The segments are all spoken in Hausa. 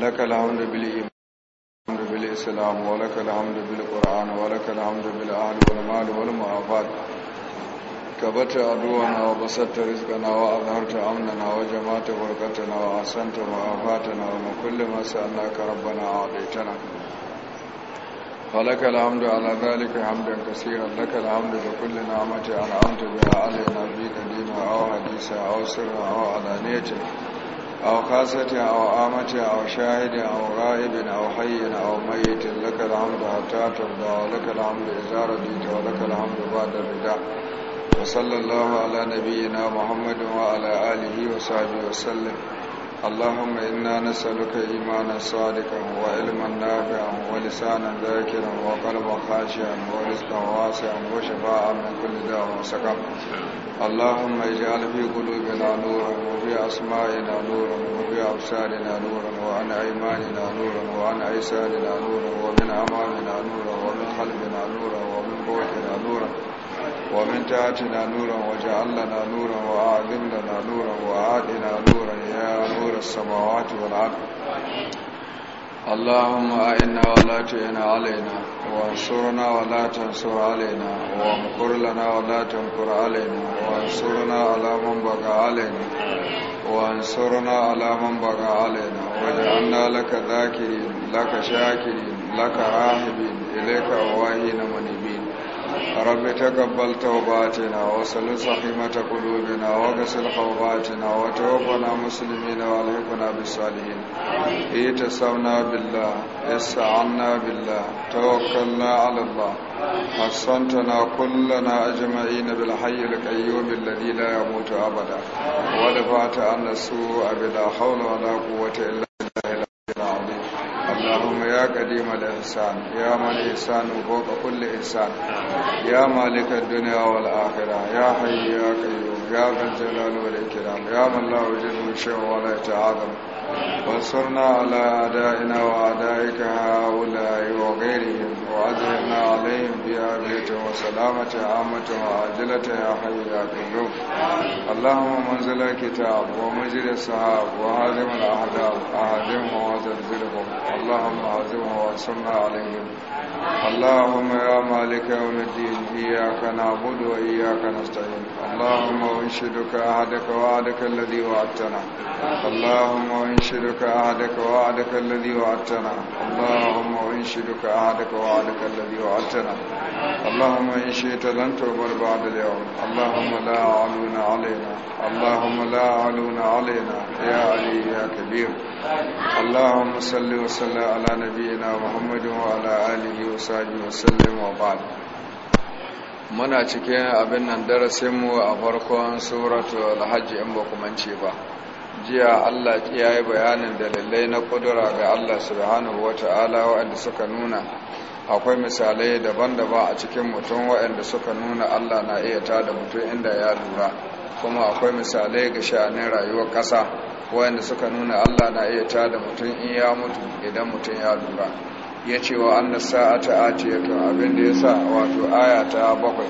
لك الحمد بالإيمان بالإسلام ولك الحمد بالقرآن ولك الحمد بالأهل والمال والمعافات كبت عدونا وبسطت رزقنا وأظهرت أمننا وجمعت فرقتنا وأحسنت معافاتنا ومن كل ما سألناك ربنا أعطيتنا فلك الحمد على ذلك حمدا كثيرا لك الحمد بكل نعمة أنعمت بها علينا في قديمة أو حديثة أو سرة أو علانية أو قاسة أو آمة أو شاهد أو غائب أو حي أو ميت لك الحمد حتى ترضى ولك الحمد إذا رضيت ولك الحمد بعد الرضا وصلى الله على نبينا محمد وعلى آله وصحبه وسلم اللهم إنا نسألك إيمانا صادقا وعلما نافعا ولسانا ذاكرا وقلبا خاشعا ورزقا واسعا وشفاعا من كل داء وسقم اللهم اجعل في قلوبنا نورا وفي أسمائنا نورا وفي أبصارنا نورا وعن أيماننا نورا وعن أيساننا نورا ومن أمامنا نورا ومن خلفنا نورا ومن فوقنا نورا ومن تحتنا نورا وجعلنا نورا وأعظم لنا نورا وآدنا نورا يا نور السماوات والعرض اللهم أئنا ولا تئنا علينا وانصرنا ولا تنصر علينا وامكر لنا ولا تمكر علينا وانصرنا على من بقى علينا وانصرنا على من بقى علينا واجعلنا لك ذاكرين لك شاكرين لك راهبين إليك أواهين منيبين رب تقبل توباتنا وصل صحيمة قلوبنا وغسل خوباتنا وتوفنا مسلمين وعليكنا بالصالحين اتصلنا بالله استعنا بالله توكلنا على الله حصنتنا كلنا أجمعين بالحي القيوم الذي لا يموت أبدا ودفعت عنا السوء بلا حول ولا قوة إلا قديم الإحسان يا من الإحسان فوق كل إحسان يا مالك الدنيا والآخرة يا حي يا قيوم يا ذا الجلال والإكرام يا من لا وجد من شيء ولا يتعاظم وانصرنا على أعدائنا وأعدائك هؤلاء وغيرهم وأجرنا عليهم بآبية وسلامة عامة وعاجلة يا حي يا قيوم اللهم منزل الكتاب ومجري السحاب وهازم الأحزاب أهزمهم وزلزلهم اللهم هازمهم وانصرنا عليهم اللهم يا مالك يوم الدين إياك نعبد وإياك نستعين اللهم وانشدك أهدك وعدك الذي وعدتنا اللهم وانشدك وانشدك أهدك وعدك الذي وعدتنا اللهم وانشدك أهدك وعدك الذي وعدتنا اللهم إن شئت لن تغفر بعد اليوم اللهم لا علون علينا اللهم لا علون علينا يا علي يا كبير اللهم صل وسلم على نبينا محمد وعلى آله وصحبه وسلم وبعد muna cikin abin nan darasinmu a farkon suratu alhaji in ba kumance ba jiya Allah ya yi bayanin dalilai na kudura ga Allah subhanahu wa ta'ala waɗanda suka nuna akwai misalai daban-daban a cikin mutum waɗanda suka nuna Allah na iya tada mutum inda ya lura kuma akwai misalai ga sha'anin rayuwar ƙasa waɗanda suka nuna Allah na iya tada mutum in ya mutu idan mutum ya lura ya ce wa annas sa'ata ta abin da sa, wato aya ta bakwai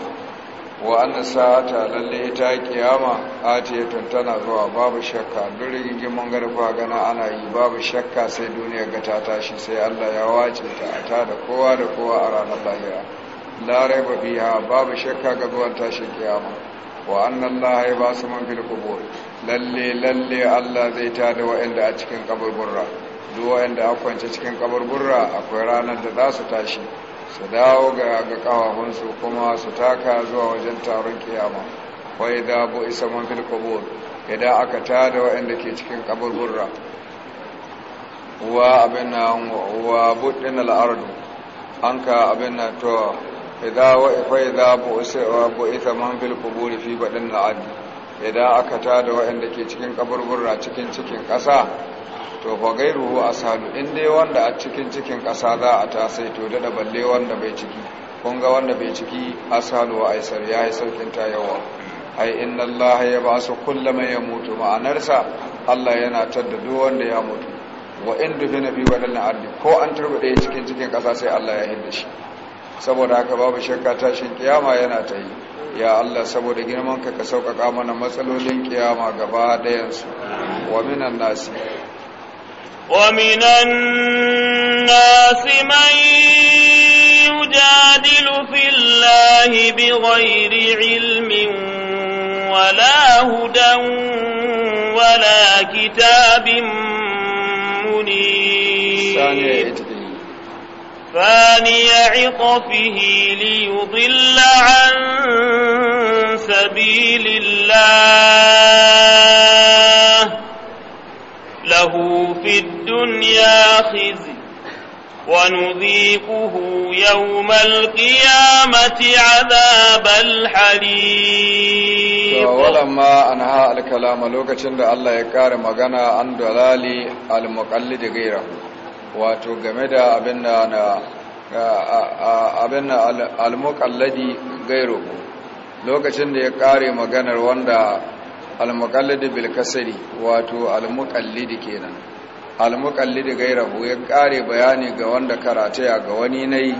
wa sata sa'ata lalle ita kiyama atiyatun tana zuwa babu shakka duk rigimin garfa gana ana yi babu shakka sai duniya ga ta tashi sai Allah ya wace ta ta da kowa da kowa a ranar lahira larai raiba biha babu shakka ga zuwan tashin kiyama wa annan Allah ya ba su man fil qubur lalle lalle Allah zai tada wa'anda a cikin kaburburra duk wa'anda a kwance cikin kaburburra akwai ranar da za su tashi su dawo ga kawafinsu kuma su taka zuwa wajen taron kiyama wai da bu isa man fil kubur idan aka tada waɗanda ke cikin kaburburra wa abin na wa buɗin al'ardu an ka abin na to idan wa ifai da bu isa man fil kubur fi baɗin al'adu idan aka tada waɗanda ke cikin kaburburra cikin cikin ƙasa to fa a ashalu in dai wanda a cikin cikin ƙasa za a ta sai to da balle wanda bai ciki kun ga wanda bai ciki a wa aisar yi saukin ta yawa ai inna kulla mai kullama mutu ma'anarsa Allah yana tadda duk wanda ya mutu wa in na biyu waɗannan ardi ko an turbuɗe cikin cikin ƙasa sai Allah ya hinda shi saboda haka babu shakka tashin kiyama yana ta yi ya Allah saboda girman ka ka sauƙaƙa mana matsalolin kiyama gaba ɗayansu wa minan nasi ومن الناس من يجادل في الله بغير علم ولا هدى ولا كتاب منير فاني عطفه ليضل عن سبيل الله له في الدنيا خزي ونذيقه يوم القيامة عذاب الحريق ولما أنهى الكلام لوكتن da Allah ya kare magana an dalali al-muqallid ghayra wato game da abin da na abin al-muqallidi lokacin da ya kare maganar wanda al-muqallid bil wato al kenan al gaira gairahu ya kare bayani ga wanda karataya ga wani nayi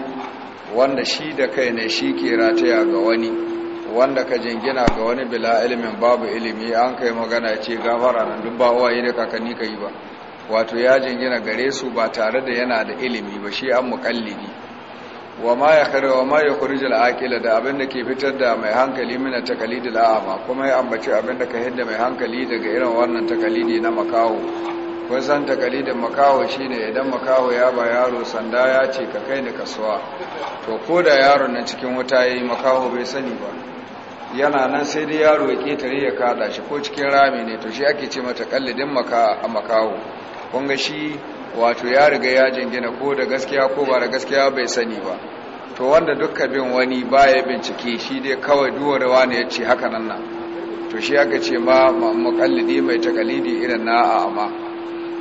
wanda shi da kai ne shi ke rataya ga wani wanda ka jingina ga wani bila ilimin babu ilimi an kai magana ce gafara nan duk ba uwaye da kakanni ka ba wato ya jingina gare su ba tare da yana da ilimi ba shi an muqallidi wa ma ya kare wa ma ya kurijil aƙila da abin da ke fitar da mai hankali mina takalidi la'ama kuma ya ambace abin da ka hidda mai hankali daga irin wannan takalidi na makaho kun san takalidin makaho shine idan makaho ya ba yaro sanda ya ce ka kai ni kasuwa to ko da yaron na cikin wuta ya yi makaho bai sani ba yana nan sai dai yaro ya ketare ya kada shi ko cikin rami ne to shi ake ce mata kallidin makaho kunga shi wato ya riga ya jingina ko da gaskiya ko ba da gaskiya bai sani ba to wanda dukka bin wani baya bincike shi dai kawai duwarwa ne ya ce haka nan nan to shi aka ce ma mukallidi mai takalidi irin na amma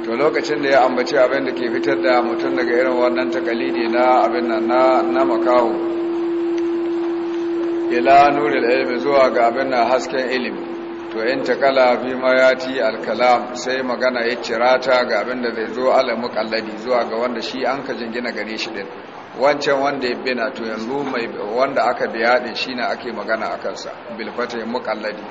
to lokacin da ya ambaci abin da ke fitar da mutum daga irin wannan takalidi na abin nan na makaho ila nuril ilimi zuwa ga abin nan hasken ilimi to yin takala fi mayati alkalam sai magana ya cira ta ga abin da zai zo alamu kalladi zuwa ga wanda shi an ka jingina gare shi din wancan wanda ya bina to yanzu mai wanda aka biya din shine ake magana a kansa Bilfata ya muqalladi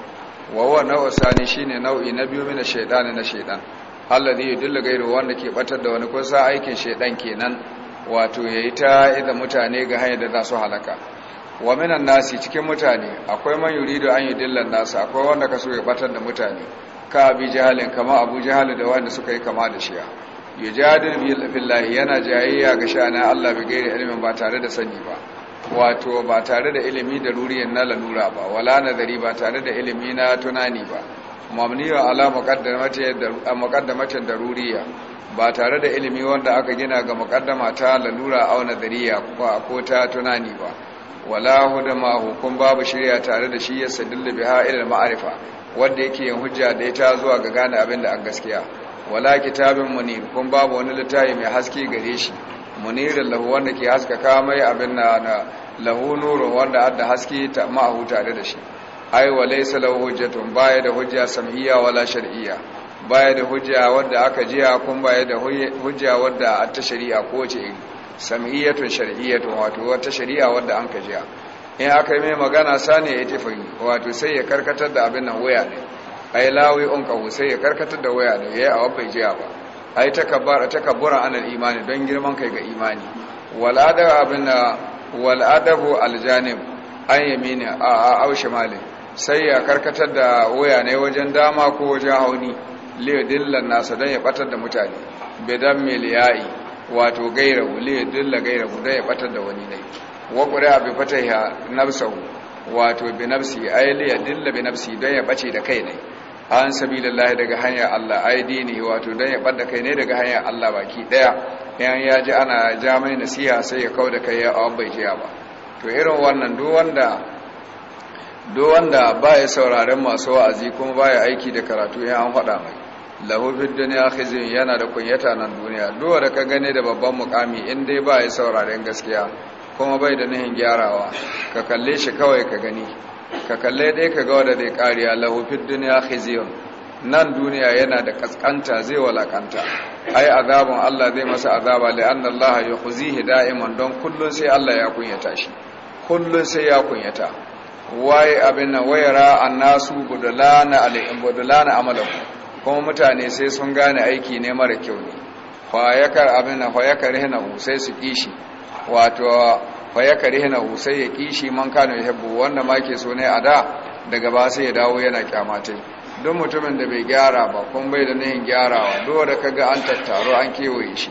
wa huwa shi shine nau'i na biyu shaida ne na Allah ne ya dilla gairu wanda ke batar da wani kusa aikin shaidan kenan wato yayi ta idan mutane ga hanyar da za su halaka wa minan nasi cikin mutane akwai man yurido an yi dillan nasu akwai wanda ka so ya batar da mutane ka abi jahalin kama abu jahalin da wanda suka yi kama da shiya yujadil billahi yana jayayya ga sha'ana Allah bi gairi ilimin ba tare da sani ba wato ba tare da ilimi da ruriyan na lalura ba wala nazari ba tare da ilimi na tunani ba mamniyo ala da ruriya ba tare da ilimi wanda aka gina ga muqaddama ta lalura aw nazariya ko ta tunani ba wala huda ma'ahu kun babu shirya tare da shi ya sadilla biha ila ma'arifa wanda yake yin hujja da ita zuwa ga gane abin da an gaskiya wala kitabin munir kun babu wani littafi mai haske gare shi munir lahu wanda ke ka mai abin na na lahu nuru wanda adda haske ta ma'ahu tare da shi ai wa laysa lahu hujjatun baya da hujja sam'iyya wala shar'iyya baya da hujja wanda aka jiya kun baya da hujja wanda ta shari'a ko ce iri sam'iyyatun shari'iyyatun wato wata shari'a wadda an kajiya in aka yi mai magana sani ya tafi wato sai ya karkatar da abin nan waya ne ai lawi on kawo sai ya karkatar da waya ne yi a bai jiya ba ai takabbara takabbura ana imani don girman kai ga imani wal'adabu aljanim an yi mini al a aushe shimali sai ya karkatar da waya ne wajen dama ko wajen hauni li dillan nasa don ya batar da mutane bidan miliyayi wato gaira wule dilla gaira guda ya batar da wani ne wa abu fata ya nafsahu wato bi nafsi ay ya dilla bi nafsi dan ya bace da kai ne an sabilillah daga hanyar Allah ay dini wato dan ya bar da kai ne daga hanyar Allah baki daya yan ya ji ana ja mai nasiha sai ya da kai ya bai jiya ba to irin wannan duk wanda duk wanda sauraren masu wa'azi kuma ba ya aiki da karatu ya an faɗa mai lahufin duniya khizin yana da kunyata nan duniya duwa da ka gane da babban mukami in dai ba ya sauraren gaskiya kuma bai da nihin gyarawa ka kalle shi kawai ka gani ka kalle dai ka ga wadda dai kariya lahufin duniya khizin nan duniya yana da kaskanta zai walakanta ai azabun Allah zai masa azaba anna Allah ya khuzihi da'iman don kullun sai Allah ya kunyata shi kullun sai ya kunyata waye abin nan wayara annasu budulana alai budulana amalahu kuma mutane sai sun gane aiki ne mara kyau ne fayakar abin na fayakar hina sai su kishi wato fayakar hina sai ya kishi man kano ya hebu wanda ma ke so ne a da daga ba sai ya dawo yana kyamatai don mutumin da bai gyara ba kun bai da nihin gyarawa dole da kaga an tattaro an kewaye shi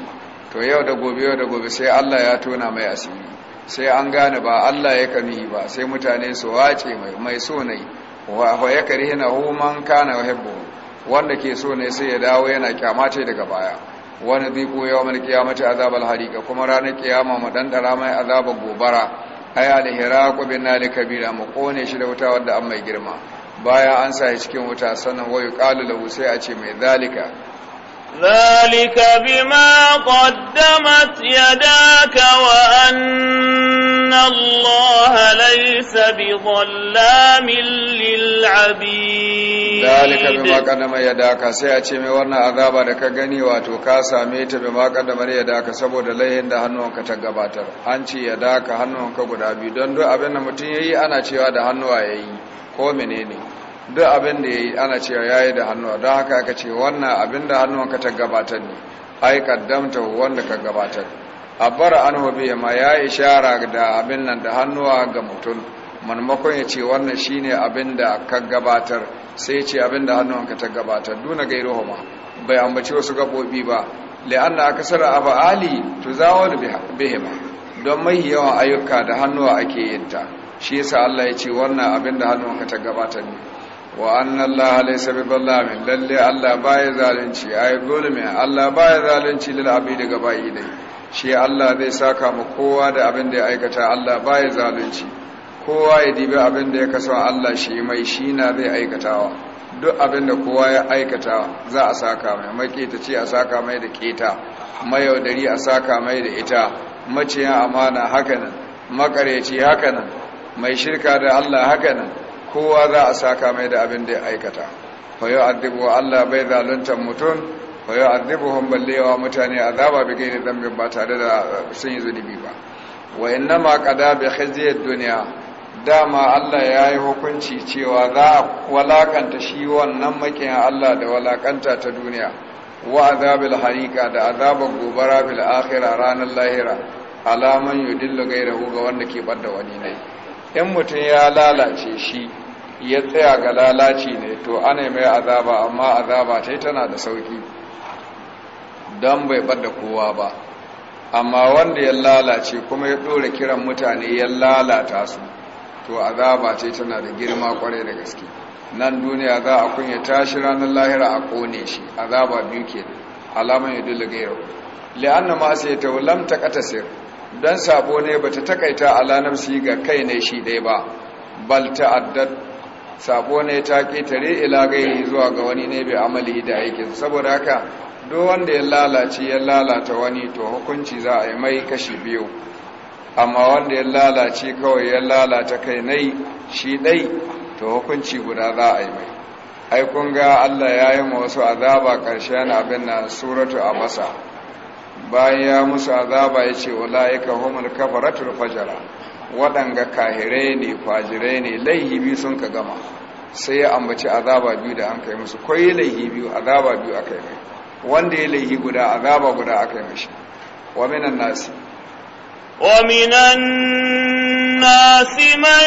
to yau da gobe yau da gobe sai Allah ya tona mai asiri sai an gane ba Allah ya kani ba sai mutane su wace mai mai so ne wa ya karihi na hu man kana wanda ke so ne sai ya dawo yana kyamace daga baya wani ziko yau mai kiyamata azabar harika kuma ranar kiyama mu ɗanɗara mai azabar gobara ai alhira ku bin nali kabira mu kone shi da wuta wadda an mai girma baya an sa cikin wuta sannan wayu qalu lahu sai a ce mai zalika ذلك بما قدمت يداك وأن الله ليس بظلام للعبيد ذلك بما قدم يداك سيأتي من ورنا عذابا لك غني واتوكا ساميت بما قدم يداك سبو دليهن ده هنوان تقباتر أنتي يداك هنوان قدابي دون دو أبنى متين أنا تيوا ده هنوا يي ko duk abin da ya yi ana cewa ya yi da hannuwa don haka aka ce wannan abin da hannuwa ta gabatar ne ai kaddamta wanda ka gabatar A bar an hobe ma ya yi shara da abin nan da hannuwa ga mutum manmakon ya ce wannan ne abin da ka gabatar sai ce abin da hannuwa ta gabatar duna gairo homa bai ambaci wasu gabobi ba ali tu za wani bihima don mai yawan ayyuka da hannuwa ake yinta shi yasa Allah ya ce wannan abin da hannuwa ta gabatar ne wa annan lahalai sabi ballamin lalle Allah baya zalunci a yi mai Allah baya zalunci lil'abi daga yi dai. shi Allah zai saka mu kowa da abin da ya aikata Allah baya zalunci kowa ya dibi abin da ya kasa Allah shi mai shi na zai aikatawa duk abin da kowa ya aikata za a saka mai maketa ce a saka mai da keta mayaudari a saka mai da ita maciyan amana hakanan makareci hakanan mai shirka da Allah hakanan kowa za a saka mai da abin da ya aikata fa yu'adhibu Allah bai zaluntan mutum fa hun ballewa mutane zaba bi gairi zambi ba tare da sun yi zunubi ba wa innama bai bi khizyid duniya dama Allah ya yi hukunci cewa za a walakanta shi wannan makiyan Allah da walakanta ta duniya wa azabil harika da azabar gobara bil akhira ranar lahira alaman yudillu gairahu ga wanda ke bada wani ne in mutum ya lalace shi ya tsaya ga lalaci ne to ana mai azaba amma azaba ta tana da sauki don bai bada kowa ba amma wanda ya lalace kuma ya ɗora kiran mutane ya lalata su to azaba ce tana da girma kwarai da gaske nan duniya za a kunya tashi ranar lahira a kone shi azaba biyu ke alamun ya dula gairu li'anna na masu ta taulam ta katasir dan sabo ne bata takaita ala nafsi ga kai ne shi dai ba bal ta'addar. sabo ne ta ketare ila gairi zuwa ga wani ne bai amali da aikin saboda haka do wanda ya lalace ya lalata wani to hukunci za a yi mai kashi biyu amma wanda ya lalace kawai ya lalata kai nai shi dai to hukunci guda za a yi mai ai kun ga Allah ya yi ma wasu azaba ƙarshen abin na suratu a masa bayan ya musu azaba ya ce wala ya kafaratul fajara waɗanga kahirai ne fajirai ne laihibi sun ka gama sai ya ambaci azaba biyu da an kai musu kwaye laihi biyu azaba biyu aka yi mai wanda ya laihi guda azaba guda aka yi mashi wa minan nasi wa minan nasi man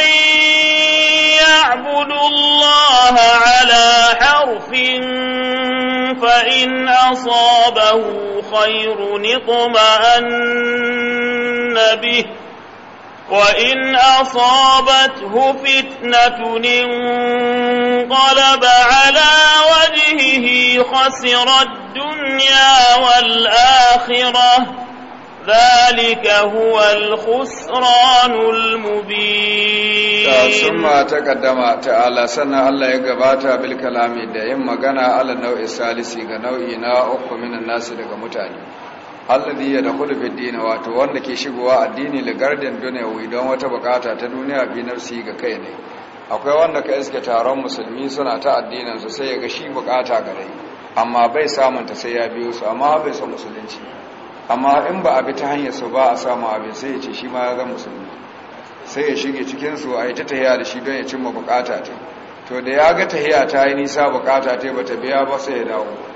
ya'budu Allah ala harfin fa فإن أصابه خير اطمأن به وإن أصابته فتنة انقلب على وجهه خسر الدنيا والآخرة ذلك هو الخسران المبين ثم تقدم تعالى سنة الله يقبات بالكلام دائم مغانا على النوع الثالث نوعنا أخو من الناس لك متعلم alladhi yadkhulu fi ad wato wanda ke shigowa addini li gardin dunyawi don wata bukata ta duniya bi nafsi ga kai ne akwai wanda ka iske taron musulmi suna ta addinin su sai ya ga shi bukata gare amma bai samun ta sai ya biyo su amma bai san musulunci amma in ba a bi ta hanyar su ba a samu abin sai ya ce shi ma ya zama musulmi sai ya shige cikin su a yi ta tahiya da shi don ya cimma bukata ta to da ya ga tahiya ta yi nisa bukata ta ba biya ba sai ya dawo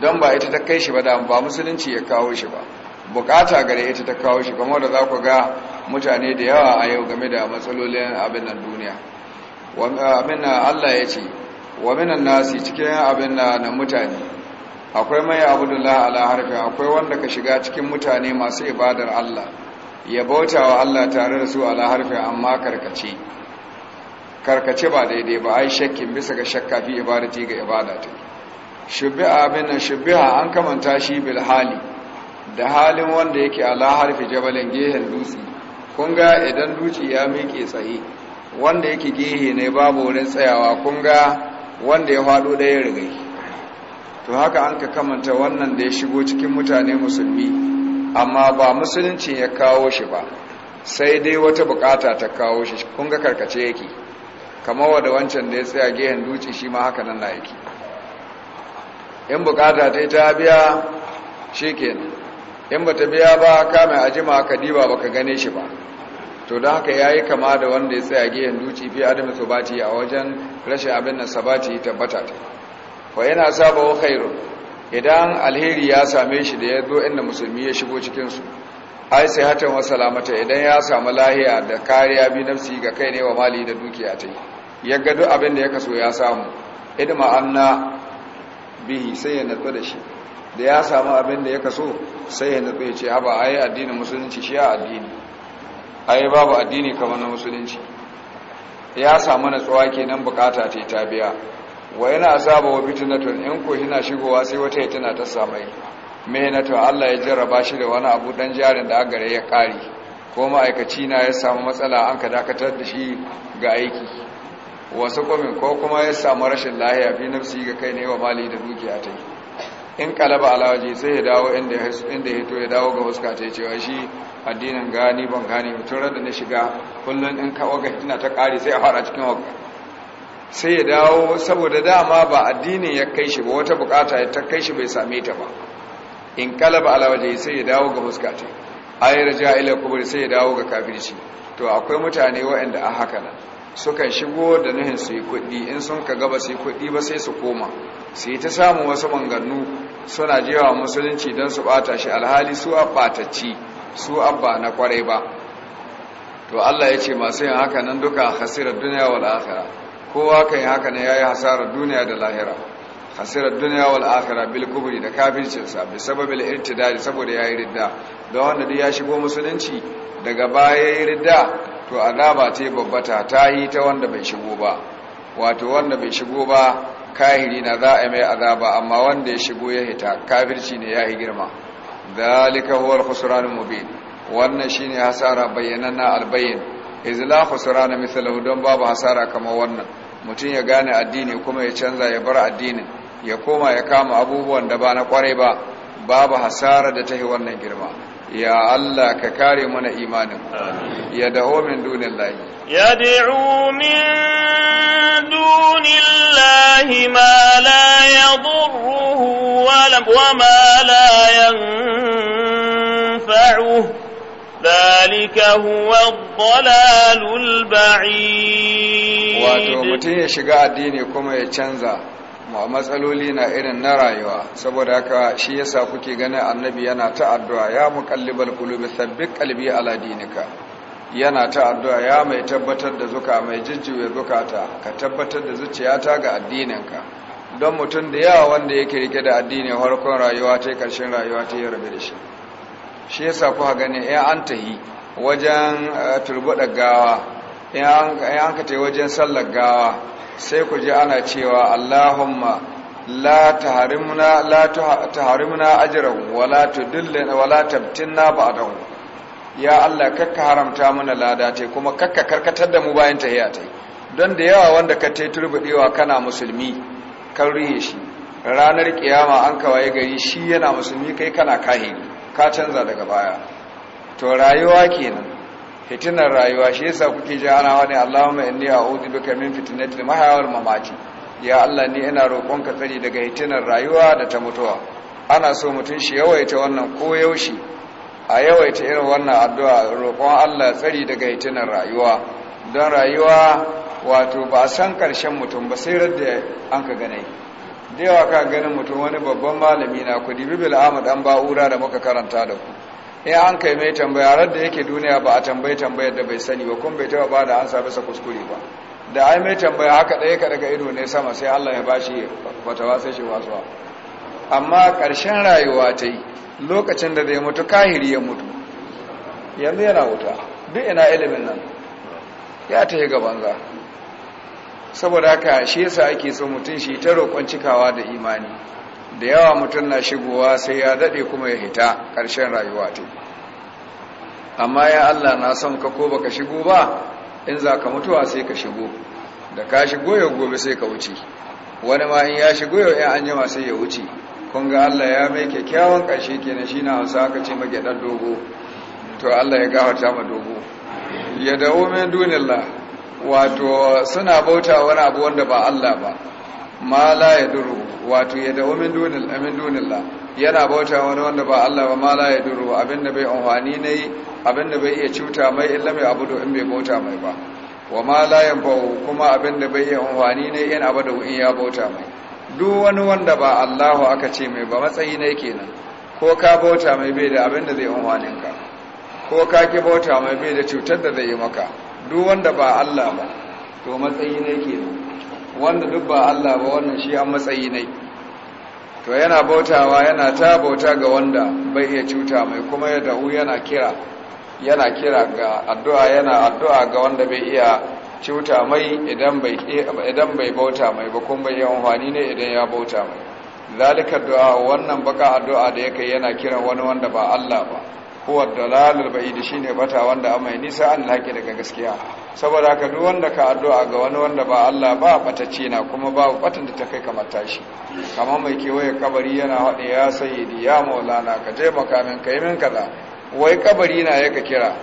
don ba ita ta kai shi ba da ba musulunci ya kawo shi ba bukata gare ita ta kawo shi kamar da za ku ga mutane da yawa a yau game da matsalolin abin nan duniya abin Allah ya ce wa minan nasi cikin abin na mutane akwai mai abdullah ala harfi akwai wanda ka shiga cikin mutane masu ibadar Allah ya bauta wa Allah tare da su ala harfi amma karkace karkace ba daidai ba ai shakkin bisa ga shakka fi ibadati ga ibadati shubi'a bin shubi'a an kamanta shi bil hali da halin wanda yake ala harfi jabalin gehen dutse kun ga idan dutse ya miƙe tsaye wanda yake gehe ne babu wurin tsayawa kun ga wanda ya faɗo ɗaya rigai to haka an ka kamanta wannan da ya shigo cikin mutane musulmi amma ba musulunci ya kawo shi ba sai dai wata bukata ta kawo shi kun ga karkace yake kamar wada wancan da ya tsaya gehen dutse shi ma haka nan na yake in bukata ta ta biya shi kenan in ba ta biya ba kame a jima ka diba ba ka gane shi ba to don haka ya yi kama da wanda ya tsaya giyan duci fi su bati a wajen rashin abin nan sabati tabbata ta yana saba wa khairu idan alheri ya same shi da ya zo inda musulmi ya shigo cikinsu ai sai hatan wa salamata idan ya samu lahiya da kariya bi nafsi ga kai ne wa mali da dukiya ta ya ga duk abin da ya kaso ya samu idma anna bihi sai ya nufi da shi da ya samu abin da ya kaso sai ya nufi ya ce haba A yi addinin musulunci shi a addini A yi babu addini kamar na musulunci ya samu ke kenan bukata ce ta biya wa yana asaba wa tun? in ko hina shigowa sai wata tana ta samai tun Allah ya jarraba shi da wani abu dan jarin da agare ya kare ko ma'aikaci na ya samu matsala an ka dakatar da shi ga aiki wasu kwamin ko kuma ya samu rashin lahiya fi nafsi ga kai ne wa mali da dukiya ta yi in kalaba alawaji sai ya dawo inda ya hito ya dawo ga huska ta yi cewa shi addinin gani ban gani mutum rada na shiga kullum in kawo ga hitina ta kare sai a fara cikin wakka sai ya dawo saboda dama ba addinin ya kai shi ba wata bukata ya ta kai shi bai same ta ba in kalaba alawaji sai ya dawo ga huska ta yi ayyar ja'ila kubur sai ya dawo ga kafirci to akwai mutane waɗanda a haka nan sukan shigo da nuhin su yi kuɗi in sun ka gaba su yi kuɗi ba sai su koma su yi ta samun wasu bangannu suna jewa musulunci don su bata shi alhali su abbatacci su abba na kwarai ba to Allah ya ce masu yin haka nan duka hasirar duniya wal akhira kowa ka yi haka ne ya yi hasarar duniya da lahira hasirar duniya wal akhira bil kubri da kafircinsa bi sababil irtidali saboda ya yi ridda don wanda duk ya shigo musulunci daga baya ya yi ridda to azaba ce babbata ta yi ta wanda bai shigo ba wato wanda bai shigo ba kahiri na za a mai azaba amma wanda ya shigo ya hita kafirci ne ya yi girma zalika huwa al-khusran mubin wannan shine hasara bayyanana albayyin izla khusran mithlahu don babu hasara kamar wannan mutum ya gane addini kuma ya canza ya bar addinin ya koma ya kama abubuwan da ba na kware ba babu hasara da ta yi wannan girma ya Allah ka kare mana imanin ya da'o min dunin lahi ya da'o min dunin lahi ma ya durruhu wa ma la yanfa'uhu ذلك هو الضلال البعيد wato mutum ya shiga addini kuma ya canza matsaloli na irin na rayuwa saboda haka shi yasa kuke ganin annabi yana ta addu'a ya muqallibal qulubi thabbit qalbi ala dinika yana ta addu'a ya mai tabbatar da zuka mai jijjiwe zukata ka tabbatar da zuciyata ga addininka don mutum da yawa wanda yake rike da addini harkon rayuwa ta karshen rayuwa ta yi da shi shi yasa kuka gani ya an tahi wajen eh, turbuɗa gawa ya an ka wajen sallar gawa sai ku ji ana cewa Allahumma la taharimna la taharimna ajran wala tudillina tabtinna ba'dahu ya Allah kakka haramta mana lada tai kuma kakka karkatar da mu bayan tahiyya tai don da yawa wanda ka tai turbudewa kana musulmi kan rihe shi ranar kiyama an kawaye gari shi yana musulmi kai kana kahiri ka canza daga baya to rayuwa kenan fitinar rayuwa shi yasa kuke ji ana wani Allahumma inni a'udhu bika min fitnatil mahya wal ya Allah ni ina roƙonka tsari daga fitinar rayuwa da ta mutuwa ana so mutun shi yawaita wannan ko a yawaita irin wannan addu'a roƙon Allah tsari daga fitinar rayuwa don rayuwa wato ba san karshen mutum ba sai radda an ka gane da yawa ka ganin mutum wani babban malami na ku dibi bil amad an ura da muka karanta da ku ya eh, an kai mai tambaya rar da yake duniya ba a tambayi tambayar da bai sani ba kuma bai taba ba da ansa bisa kuskure ba da ai mai tambaya haka ɗaya ka daga ido ne sama sai Allah ya bashi fatawa sai shi wasuwa amma ƙarshen rayuwa ta yi lokacin da zai mutu kahiri ya mutu yanzu yana wuta duk ina ilimin nan ya ta yi gaban za saboda haka shi yasa ake so mutum shi ta roƙon cikawa da imani da yawa mutum na shigowa sai ya daɗe kuma ya hita ƙarshen rayuwa ta amma ya Allah na son ka ko baka shigo ba in za ka mutuwa sai ka shigo da ka shigo ya gobe sai ka wuce wani ma in ya shigo ya ya an jima sai ya wuce kun ga Allah ya mai kyakkyawan ƙarshe na shi na hausa aka ce magyaɗar dogo to Allah ya gafarta ma dogo ya dawo min la. wato suna bauta wani abu wanda ba Allah ba ma la ya duru wato ya da min dunil amin dunilla yana bauta wani wanda ba Allah ba ma la ya duru abin da bai amfani ne abin da bai iya cuta mai illa mai abudu in bai bauta mai ba wa ma la bau kuma abin da bai iya amfani ne in abadu in ya bauta mai duk wani wanda ba Allahu aka ce mai ba matsayi ne kenan ko ka bauta mai bai da abin da zai amfanin ka ko ka ki bauta mai bai da cutar da zai yi maka duk wanda ba Allah ba to matsayi ne kenan wanda duk ba Allah ba wannan shi an matsayi ne to yana bautawa yana ta bauta ga wanda bai iya cuta mai kuma ya dahu yana kira yana kira ga addu'a yana addu'a ga wanda bai iya cuta mai idan bai idan bai bauta mai ba kuma bai yi amfani ne idan ya bauta mai zalika du'a wannan baka addu'a da yake yana kira wani wanda ba Allah ba huwa dalalul shi ne bata wanda mai nisa an laƙi daga gaskiya saboda haka duk wanda ka addu'a ga wani wanda ba Allah ba batacce na kuma ba batun da ta kai kamar tashi kamar mai kewaye kabari yana haɗe ya sayyidi ya maulana ka je makamin ka yi min kaza wai kabari na ya ka kira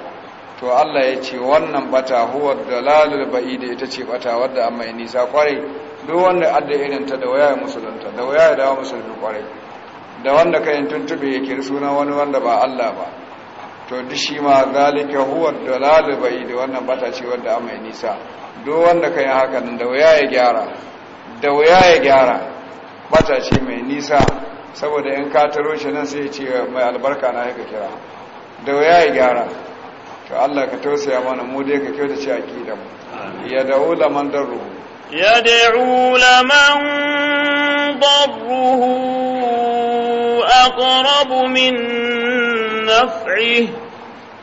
to Allah ya ce wannan bata huwa dalalul ba'id ita ce bata wanda mai nisa kwarai duk wanda adda irin ta da waya musulunta da waya dawo musulmi kwarai da wanda ka yin tuntube ya kiri sunan wani wanda ba Allah ba to duk shi ma zalika huwa dalal da wannan bata ce wanda a mai nisa do wanda kai haka nan da waya ya gyara da waya ya gyara bata ce mai nisa saboda in ka taro shi nan sai ya ce mai albarka na haka kira da waya ya gyara to Allah ka tausaya mana mu dai ka kyautace aqidan ya da'u man daru. يدعو لمن ضره أقرب من نفعه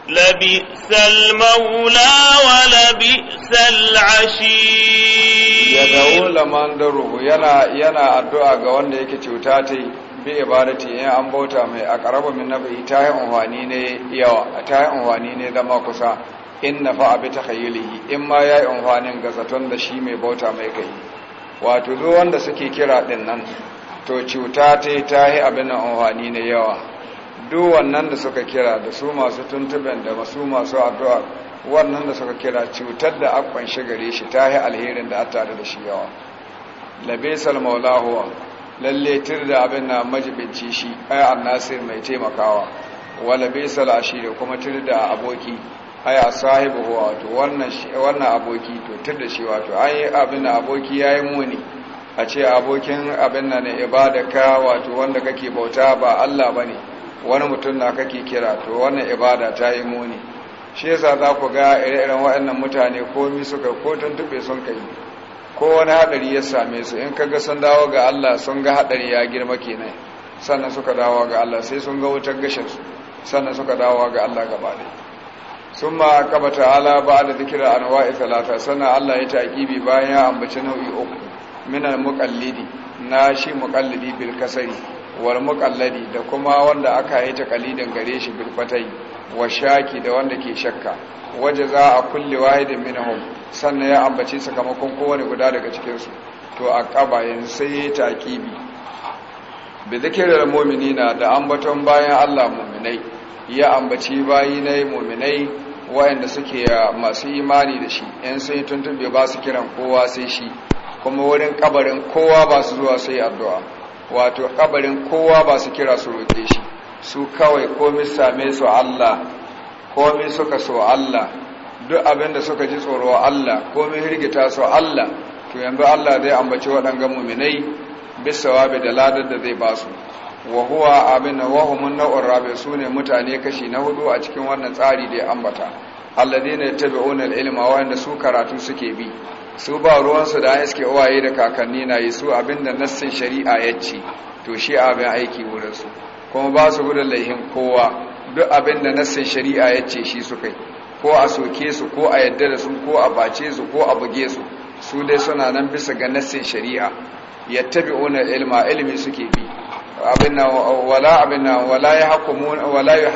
لبئس المولى ولبئس العشير يدعو لمن ضره ينا ينا الدعاء ga wanda yake cuta ta bi ibadati in an bauta mai aqrabu min nafi ta yi unwani ne yawa ta yi unwani ne zama kusa in na fa abi ta khayyulihi in ma ya yi amfanin ga zaton da shi mai bauta mai kai wato zo wanda suke kira din nan to cuta ta yi ta yi abin amfani na yawa duk wannan da suka kira da su masu tuntuben da masu masu addu'a wannan da suka kira cutar da akwan gare shi ta yi alherin da a tare da shi yawa labisal maulahuwa lalle tir da abin na majibinci shi ai annasir mai taimakawa wa labisal ashiri kuma tir da aboki aya sahibu wato wannan wannan aboki to tur da shi wato ai abin aboki yayi muni a ce abokin abin nan ibadaka wato wanda kake bauta ba Allah bane wani mutum na kake kira to wannan ibada ta yi muni shi yasa za ku ga ire-iren waɗannan mutane komi suka ko tuntube sun kai ko wani hadari ya same su in kaga sun dawo ga Allah sun ga hadari ya girma kenan sannan suka dawo ga Allah sai sun ga wutar gashin su sannan suka dawo ga Allah gaba ɗaya sun ma kaba ta'ala ba da zikirar anwa'i talata sannan allah ya taƙibi bayan ya ambaci nau'i uku minal muƙallidi na shi muƙallidi bil war muƙalladi da kuma wanda aka yi taƙalidin gare shi bilfatai wa shaki da wanda ke shakka waje za a kulle wahidin minhum sannan ya ambaci sakamakon kowane guda daga cikinsu to a kaba yanzu sai ya taƙi taƙibi bi zikirar muminina da ambaton bayan Allah muminai ya ambaci bayi na muminai wayanda suke ah, masu imani da shi yan sai tuntube ba su kiran kowa sai shi kuma wurin kabarin kowa ba su zuwa sai addu'a wato kabarin kowa ba su kira su roƙe shi su kawai komai same su Allah komai suka so Allah duk abin da suka ji tsoro Allah komai hirgita su Allah to yanzu Allah zai ambaci waɗanga muminai bisawabi da ladar da zai ba su wa huwa abin da wahumun na'ur rabe su ne mutane kashi na hudu a cikin wannan tsari da ya ambata allade ne ta bi'unar ilima wanda su karatu suke bi su ba ruwansu da iske waye da kakanni na yi su abin da nassin shari'a ya ce to shi abin aiki wurinsu kuma ba su gudun laihin kowa duk abin da nassin shari'a ya ce shi su kai ko a soke su ko a yadda da su ko a bace su ko a buge su su dai suna nan bisa ga nassin shari'a yattabi'una ilma ilimi suke bi abin wala abin wala ya wala ya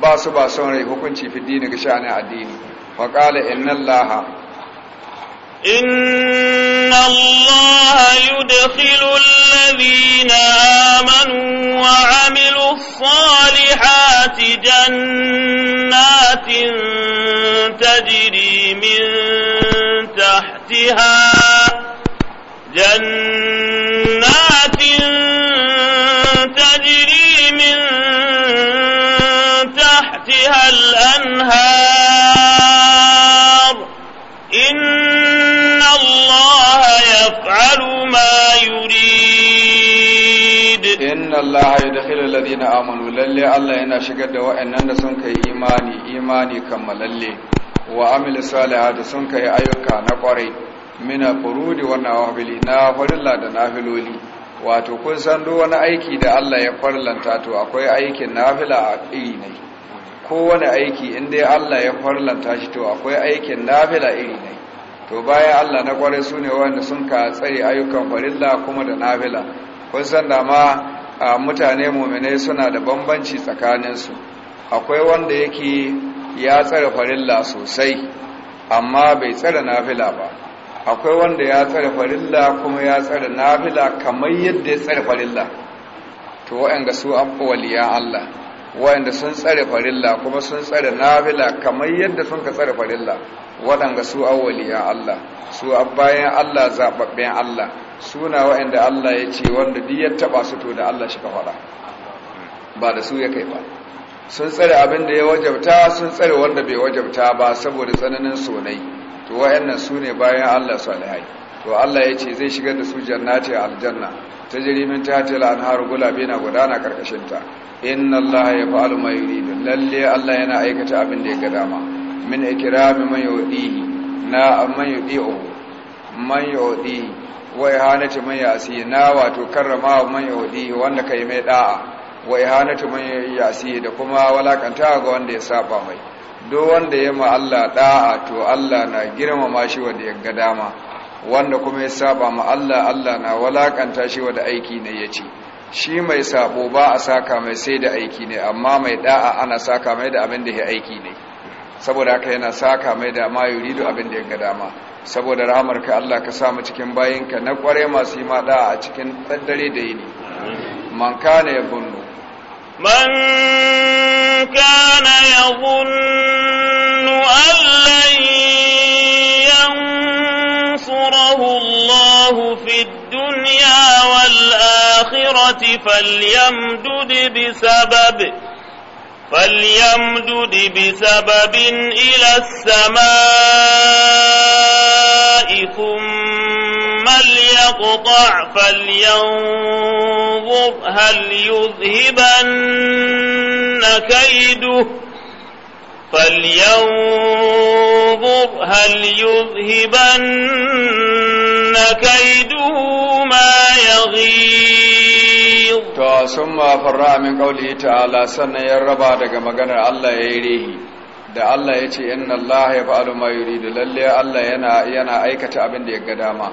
ba su ba son rai hukunci fi dini ga addini waƙala qala inna allaha inna allaha yudkhilu alladhina amanu wa amilu salihati jannatin tajri min tahtiha jannatin فيها الأنهار إن الله يفعل ما يريد إن الله يدخل الذين آمنوا للي الله إن شكد وإن أنسون كي إيماني إيماني كما للي وعمل الصالحات سون كي أيوكا نقري من الفرود والنوافل نافل الله دنافلولي wato kun san duk wani aiki da Allah ya farlanta to akwai aikin nafila a iri ne kowane aiki in dai Allah ya farlanta shi to akwai aikin nafila iri ne to bayan Allah na kwarai su ne wanda sun ka tsare ayyukan farilla kuma da nafila kun san da ma mutane muminai suna da bambanci tsakaninsu akwai wanda yake ya tsare farilla sosai amma bai tsare nafila ba akwai wanda ya tsare farilla kuma ya tsare nafila kamar yadda ya tsare farilla to waɗanda su an waliyan Allah wayanda sun tsare farilla kuma sun tsare nafila kamar yadda sun ka tsare farilla waɗanga su awwaliya Allah su abbayan Allah zababben Allah suna wayanda Allah ya ce wanda duk ya taba su to da Allah shi ka fara ba da su ya kai ba sun tsare abin da ya wajabta sun tsare wanda bai wajabta ba saboda tsananin sonai to wayannan su ne bayan Allah salihai to Allah ya ce zai shigar da su jannati aljanna ta jirimin ta tela an haru gulabe na gudana karkashinta inna Allah ya fa'alu mai yuridu lalle Allah yana aikata abin da ya ga dama min ikrami man yudihi na man yudihu man yudihi wa ihanatu man yasi na wato karrama man yudihi wanda kai mai da'a wa ihanatu man yasi da kuma walakanta ga wanda ya saba mai duk wanda ya ma Allah da'a to Allah na girmama shi wanda ya ga dama wanda kuma ya saba ma Allah Allah na walakanta shi wa da aiki ne ya ci. shi mai sabo ba a saka mai sai da aiki ne amma mai da'a ana saka mai da abin da ya aiki ne saboda haka yana saka mai da ma yuridu abin da ya ga dama saboda rahamar ka Allah ka sa mu cikin ka na kware masu yi ma da'a a cikin dare da yini man kana ya bunnu man kana ya bunnu Allah آتاه الله في الدنيا والآخرة فليمدد بسبب فليمدد بسبب إلى السماء ثم ليقطع فلينظر هل يذهبن كيده فلينظر هل يذهبن كيده ya يغيظ to sun ma farra min qaulihi ta'ala sannan ya raba daga maganar Allah ya yi rehi da Allah ya ce inna Allah ya fa'alu ma yuridu lalle Allah yana yana aikata abin da ya ga dama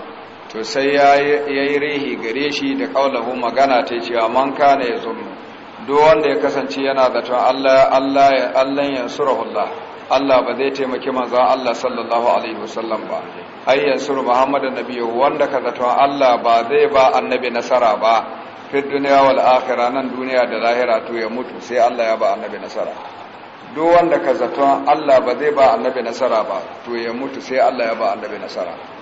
to sai ya yi rehi gare shi da kaulahu magana ta cewa man ya yazunnu duk wanda ya kasance yana zaton Allah Allah ya Allah yansurahullah Allah ba zai taimaki manzon Allah sallallahu alaihi wasallam ba ai yansuru Muhammadan nabiyyu wanda ka zaton Allah ba zai ba annabi nasara ba fi duniya wal akhirah nan duniya da lahira to ya mutu sai Allah ya ba annabi nasara duk wanda ka zaton Allah ba zai ba annabi nasara ba to ya mutu sai Allah ya ba annabi nasara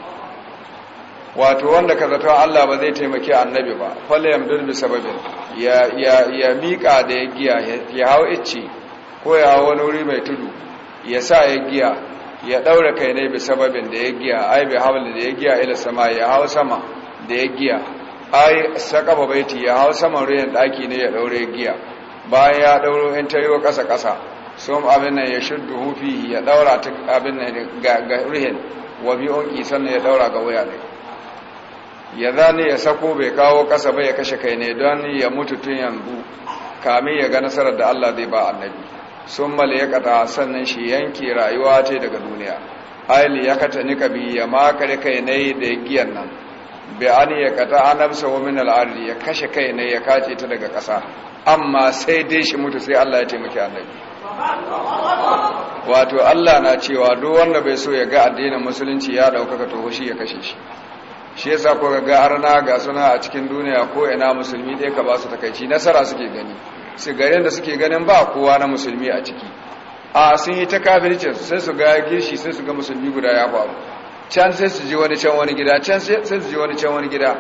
wato wanda ka zato Allah ba zai taimaki annabi ba falayam durbi sababin ya ya ya mika da ya giya ya hawo icce ko ya hawo wani wuri mai tudu ya sa ya giya ya daura kai ne bi sababin da ya giya ai bi hawli da ya giya ila sama ya hawo sama da ya giya ai saka baiti ya hawo saman ruyan daki ne ya daure giya bayan ya dauro in tayo kasa kasa sun abin nan ya shuddu hufi ya daura ta abin nan ga ruhin wa bi'un sannan ya daura ga waya ne ya zane ya sako bai kawo kasa bai ya kashe kai ne don ya mutu tun yanzu kamin ya ga nasarar da Allah zai ba annabi sun male ya kata sannan shi yanki rayuwa ce daga duniya aili ya kata nika bi ya makare kai ne da giyan nan bai an ya kata anabsa wa min ya kashe kai ne ya kace ta daga ƙasa amma sai dai shi mutu sai Allah ya taimaki annabi wato Allah na cewa duk wanda bai so ya ga addinin musulunci ya ɗaukaka to shi ya kashe shi shi yasa ko ga arna ga suna a cikin duniya ko ina musulmi dai ka ba su takaici nasara suke gani su garin da suke ganin ba kowa na musulmi a ciki a sun yi ta kafircin sai su ga girshi sai su ga musulmi guda ya faru can sai su ji wani can wani gida can sai su ji wani can wani gida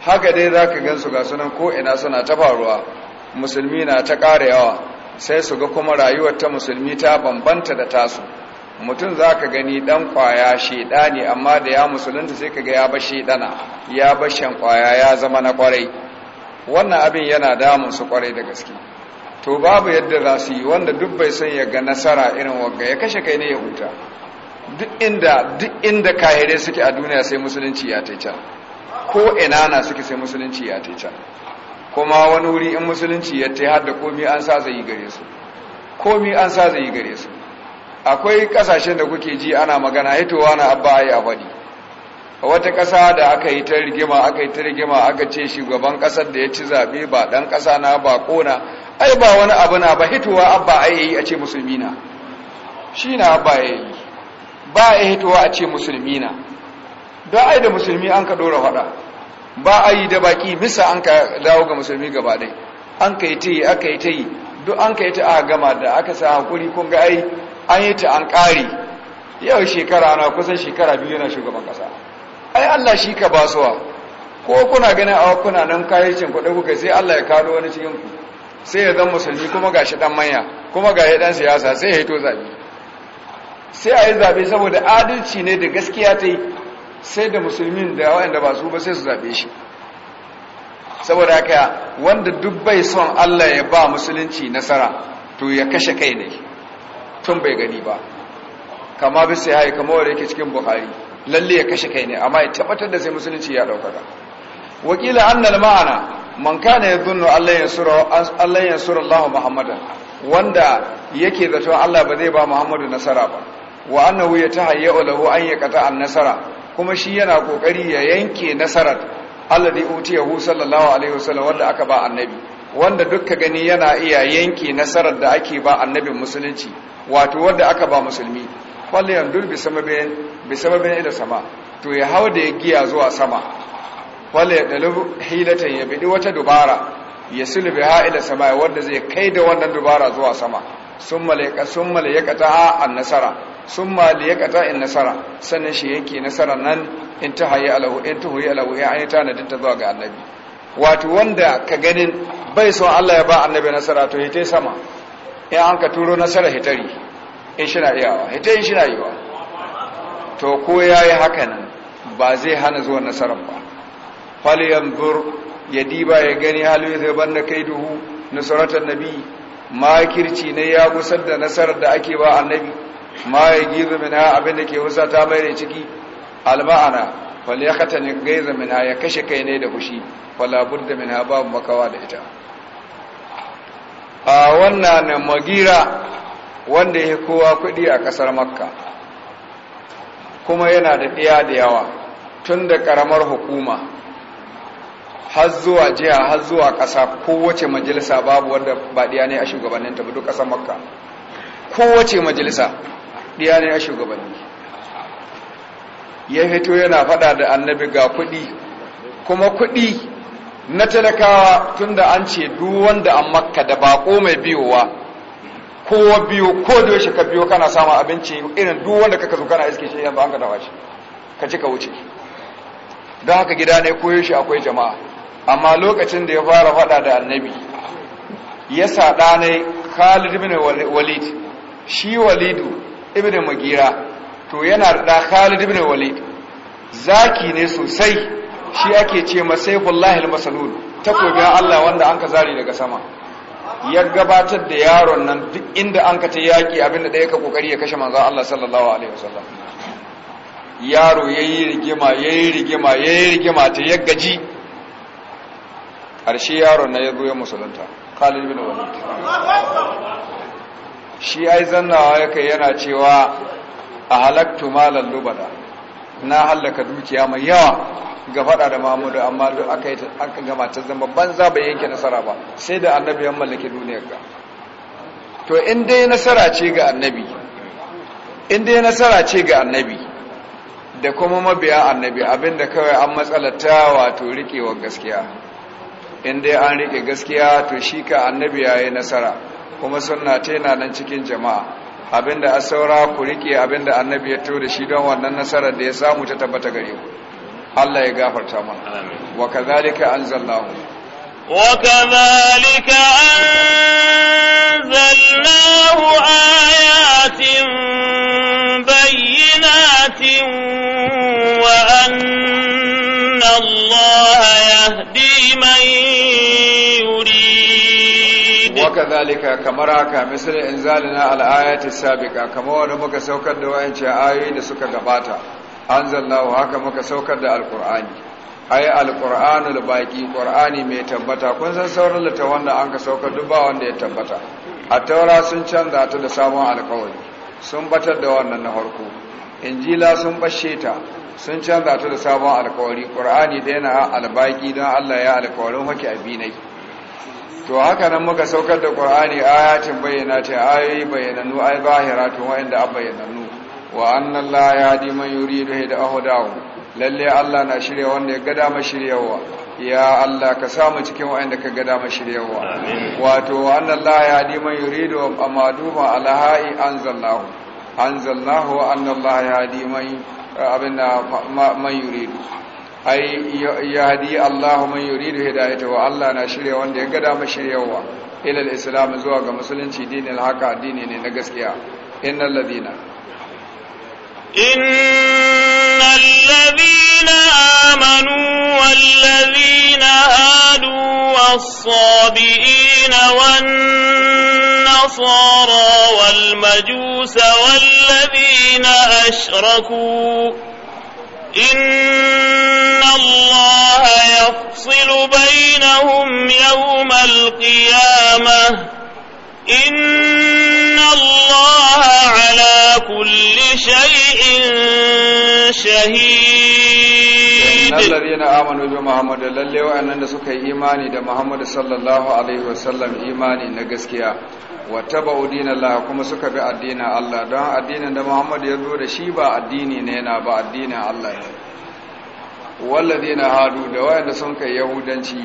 haka dai za ka gan su ga sunan ko ina suna ta faruwa musulmi na ta ƙara yawa sai su ga kuma rayuwar ta musulmi ta bambanta da tasu mutum za ka gani ɗan ƙwaya ne, amma da ya musulunta sai ka ga ya ba shaidana ya ba shan ƙwaya ya zama na ƙwarai wannan abin yana damun su ƙwarai da gaske to babu yadda za su yi wanda duk bai son ya ga nasara irin wagga ya kashe kai ne ya huta duk inda duk inda kahire suke a duniya sai musulunci ya taica ko ina na suke sai musulunci ya taica kuma wani wuri in musulunci ya tai har da komi an sa zai gare su komi an sa zai gare su akwai kasashen da kuke ji ana magana hitowa na abba ayi a faɗi wata ƙasa da aka yi ta rigima aka yi ta rigima aka ce shugaban ƙasar da ya ci zaɓe ba ɗan ƙasa na ba ƙona ai ba wani abu na ba hitowa abba ayi yi a ce musulmi na shi na abba ayi yi ba a hitowa a ce musulmi na don ai da musulmi an ka ɗora faɗa ba a yi da baƙi misa an ka dawo ga musulmi gaba ɗai an ka yi ta yi aka yi ta yi duk an ka yi ta a gama da aka sa hakuri kun ga ai an yi ta an ƙari yau shekara na kusan shekara biyu yana shugaban ƙasa ai Allah shi ka basuwa ko kuna ganin a kuna nan kayyacin kuɗi kuka sai Allah ya kalo wani cikin ku sai ya zan musulmi kuma ga shi ɗan manya kuma ga ya ɗan siyasa sai ya hito zabi sai a yi zaɓe saboda adalci ne da gaskiya ta yi sai da musulmin da waɗanda ba su ba sai su zaɓe shi saboda haka wanda duk bai son Allah ya ba musulunci nasara to ya kashe kai ne tun bai gani ba kama bisa ya yi kama wadda yake cikin buhari lalle ya kashe kai ne amma ya tabbatar da sai musulunci ya daukaka wakila annal ma'ana man kana ya zunnu allah ya sura allah muhammadan wanda yake zato allah ba zai ba muhammadu nasara ba wa annahu yatahayyu lahu an yaqata an nasara kuma shi yana kokari ya yanke nasarar alladhi utiyahu sallallahu alaihi wasallam wanda aka ba annabi wanda dukka gani yana iya yanke nasarar da ake ba annabin musulunci wato wanda aka ba musulmi falliyan dur bi sababin bi sababin ila sama to ya hawo da ya giya zuwa sama da dalib hilatan ya bidi wata dubara ya sulbi ha ila sama wanda zai kai da wannan dubara zuwa sama summa laqa summa laqata an nasara summa laqata in nasara sannan shi yake nasara nan in ta tahayi alahu in tahayi alahu ya ayata na dinta zuwa ga annabi wato wanda ka ganin bai son Allah ya ba annabi nasara to ya sama in an ka turo nasarar hitari in shi na iyawa hitari shi na iyawa to ko ya yi hakan ba zai hana zuwa nasarar ba faliyan bur ya diba ya gani halu ya zaban da kai duhu nasaratar nabi makirci ne ya gusar da nasarar da ake ba annabi ma ya gizo mina abin ke husa ta mai da ciki alma'ana falle ya ne gaiza mina ya kashe kai ne da fushi falabur da mina babu makawa da ita a wannan magira wanda ya kowa kuɗi a ƙasar makka kuma yana da ɗaya da yawa tun da ƙaramar hukuma har zuwa jiya har zuwa ƙasa kowace majalisa babu wanda ba ɗiya ne a shugabanninta ba duk ƙasar makka kowace majalisa ɗiya ne a shugabanni ya fito yana faɗa da annabi ga kuɗi kuma kuɗi na talakawa tunda an ce duk wanda an makka da bako mai biyowa kowa biyo ko da yaushe ka biyo kana samun abinci irin duk wanda kaka zo kana iske shi yanzu an ka dawa shi ka ci ka wuce don haka gida ne koyo shi akwai jama'a amma lokacin da ya fara faɗa da annabi ya ɗa ne khalid ibn walid shi walidu ibn magira to yana da khalid ibn walid zaki ne sosai shi ake ce masaifullahi ta takobin Allah wanda an ka zare daga sama ya gabatar da yaron nan duk inda an ka ta yaƙi abinda ɗaya ka ƙoƙari ya kashe manzo Allah sallallahu alaihi wasallam yaro yayi rigima yayi rigima yayi rigima ta ya gaji ƙarshe yaron na ya zo ya musulunta Khalid Walid shi ai zannawa yake yana cewa a halaktu malan lubada na halaka dukiya mai yawa ga fada da Muhammadu amma duk aka yi aka gama ta zama banza bai yanke nasara ba sai da annabi ya mallake duniyar ga to in dai nasara ce ga annabi in dai nasara ce ga annabi da kuma mabiya annabi abinda kawai an matsalata wato riƙewar gaskiya in dai an rike gaskiya to shi ka annabi ya yi nasara kuma suna ta yana nan cikin jama'a abinda a saura ku riƙe abinda annabi ya to da shi don wannan nasarar da ya samu ta tabbata gare ku Allah ya gafarta mana wa kadhalika anzalnahu wa kazalika anzalnahu ayatin bayyinatin wa anna Allah yahdi man yurid wa kadhalika kamar haka inzalina al-ayati sabiqa kamar wanda muka saukar da wayancin ayoyi da suka gabata anzalnahu haka muka saukar da alqur'ani ai alqur'anul baqi qur'ani mai tabbata kun san sauran ta wanda an ka saukar duk wanda ya tabbata a taura sun canza ta da sabon alkawari sun batar da wannan na farko injila sun bashe ta sun canza ta da sabon alkawari qur'ani da yana albaqi don Allah ya alkawarin hake abinai to haka nan muka saukar da qur'ani ayatin bayyanata ayoyi nu ai bahira to wa'inda an nu wa annan la ya di man yuri da hida ahudahu lalle Allah na shirya wanda ya gada ma shiryawa ya Allah ka samu cikin wa'anda ka gada ma shiryawa wato wa annan la ya di man yuri da amaduma alha'i anzallahu anzallahu wa annan la ya di man abin man yuri ai hadi allah man ita wa Allah na shirya wanda ya gada ma shiryawa ila islam zuwa ga musulunci dinin haka addini ne na gaskiya innal ladina إن الذين آمنوا والذين هادوا والصابئين والنصارى والمجوس والذين أشركوا إن الله يفصل بينهم يوم القيامة إن الله على كل شيء شهيد إن الذين آمنوا بمحمد للي وأننا سكي إيماني دا محمد صلى الله عليه وسلم إيماني نقسكيا wattaba'u dinallahi kuma suka bi addinin Allah don addinin da Muhammad ya zo da shi ba addini ne na ba addinin Allah ne walladina hadu da wayanda sun kai yahudanci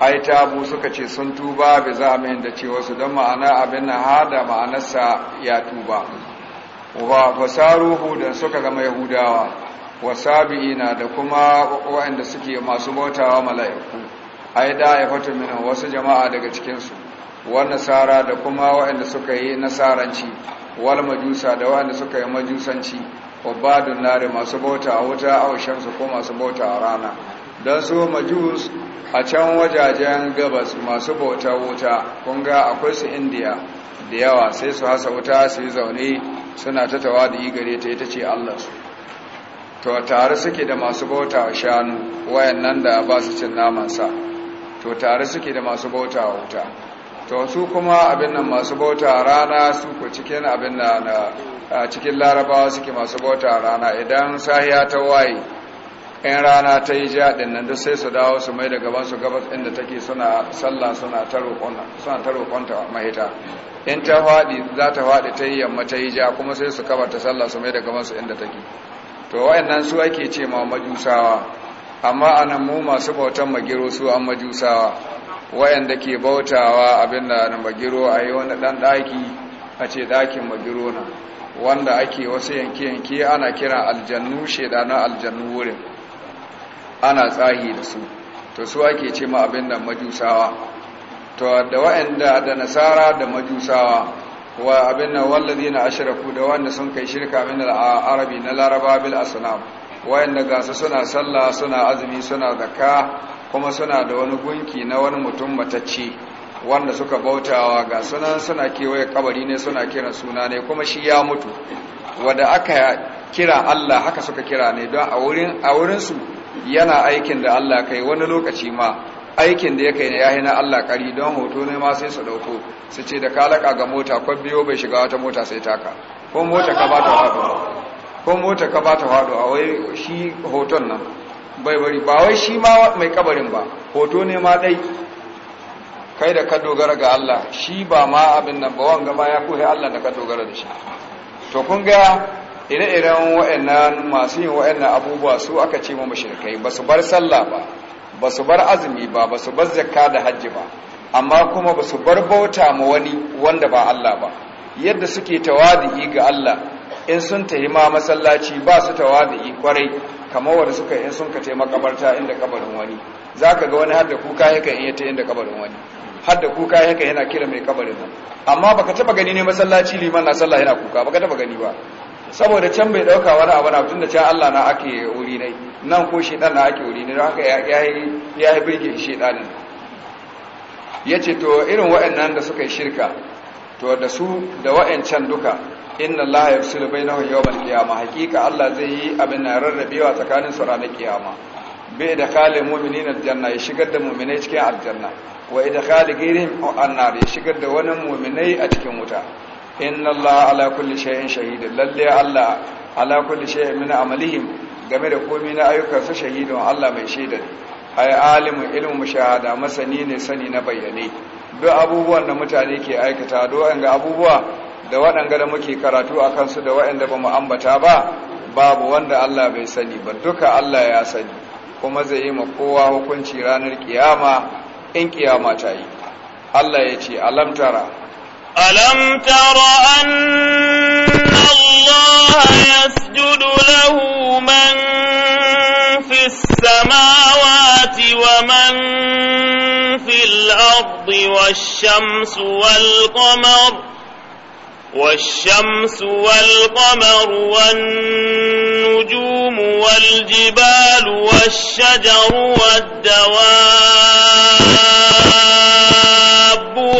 ai tabu suka ce sun tuba bi zamin da ce wasu don ma'ana abin na hada ma'anarsa ya tuba wa fasaruhu da suka zama yahudawa sabi'ina da kuma wa'anda suke masu bautawa mala'iku ai da ya fata min wasu jama'a daga cikinsu wa nasara da kuma wa'anda suka yi nasaranci wal majusa da waanda suka yi majusanci wa badun nare masu bauta a wuta a ko masu bauta a rana don su majus a can wajajen gabas masu bauta wuta kunga akwai su indiya da yawa sai su hasa wuta su yi zaune suna ta tawa da yi gare ta ita ce su. to tare suke da masu bauta wa shanu wayannan da ba su cin namansa to tare suke da masu bauta wuta to su kuma abin nan masu bauta rana su ku cikin abin nan cikin larabawa suke masu bauta rana idan sahiya ta waye in rana ta yi ja din nan da sai su dawo su mai da gaban su gabas inda take suna sallah suna ta roƙonta mahita in ta faɗi za ta faɗi ta yi yamma ta yi ja kuma sai su ta sallah su mai da gaban su inda take to wayannan su ake ce ma majusawa amma anan mu masu bautan magiro su an majusawa wayanda ke bautawa abin da na magiro a yi wani ɗan ɗaki a ce ɗakin magiro na wanda ake wasu yanke-yanke ana kira aljannu shaidanar aljannu wurin ana tsahi da su to su ake ce ma abin da majusawa to da wa'anda da nasara da majusawa wa abin da wallazi na ashiraku da wanda sun kai shirka min al'arabi na laraba bil asnam wa'anda su suna sallah suna azumi suna zakka kuma suna da wani gunki na wani mutum matacce wanda suka bautawa ga sunan suna kewaye kabari ne suna kiran suna ne kuma shi ya mutu wanda aka kira Allah haka suka kira ne don a wurin a wurinsu yana aikin da Allah kai wani lokaci ma aikin da ya kai ya yi na Allah kari don hoto ne ma sai su dauko su ce da ka laka ga mota ko biyo bai shiga wata mota sai taka ko mota ka bata ta ko mota ka bata a wai shi hoton nan bai bari ba wai shi ma mai kabarin ba hoto ne ma dai kai da ka dogara ga Allah shi ba ma abin nan ba wanga ma ya koyi Allah da ka dogara da shi to kun ga ire-iren wa'annan masu yin wa'annan abubuwa su aka ce ma mashirkai ba su bar sallah ba ba su bar azumi ba ba su bar zakka da hajji ba amma kuma ba su bar bauta ma wani wanda ba Allah ba yadda suke tawadi ga Allah in sun tahi ma masallaci ba su tawadi kwarai kamar wanda suka in sun ka taimaka makabarta inda kabarin wani zaka ga wani har da kuka yakan in ta inda kabarin wani har da kuka yaka yana kira mai kabarin nan amma baka taba gani ne masallaci liman na sallah yana kuka baka taba gani ba saboda can bai dauka wani abu na tunda can Allah na ake wuri ne nan ko shedan na ake wuri ne don haka ya yi ya yi birge shedanin ce to irin nan da suka yi shirka to da su da waɗancan duka inna Allah na bainahum mai kiyama hakika Allah zai yi abin na rarrabewa tsakanin su ranar kiyama Bai da khalil mu'minin aljanna ya shigar da mu'minai cikin aljanna wa idakhali ghayrihim annar ya shigar da wani mu'minai a cikin wuta inna Allah ala kulli shay'in shahid lalle Allah ala kulli shay'in min amalihim game da komai na ayyukan su shahidun Allah mai shaida ne ay alimu ilmu mushahada masani ne sani na bayyane duk abubuwan da mutane ke aikata an ga abubuwa da waɗanda da muke karatu akan su da waɗanda ba mu ambata ba babu wanda Allah bai sani ba duka Allah ya sani kuma zai yi ma kowa hukunci ranar kiyama in kiyama ta yi Allah ya ce alamtara ألم تر أن الله يسجد له من في السماوات ومن في الأرض والشمس والقمر والشمس والقمر والنجوم والجبال والشجر والدواب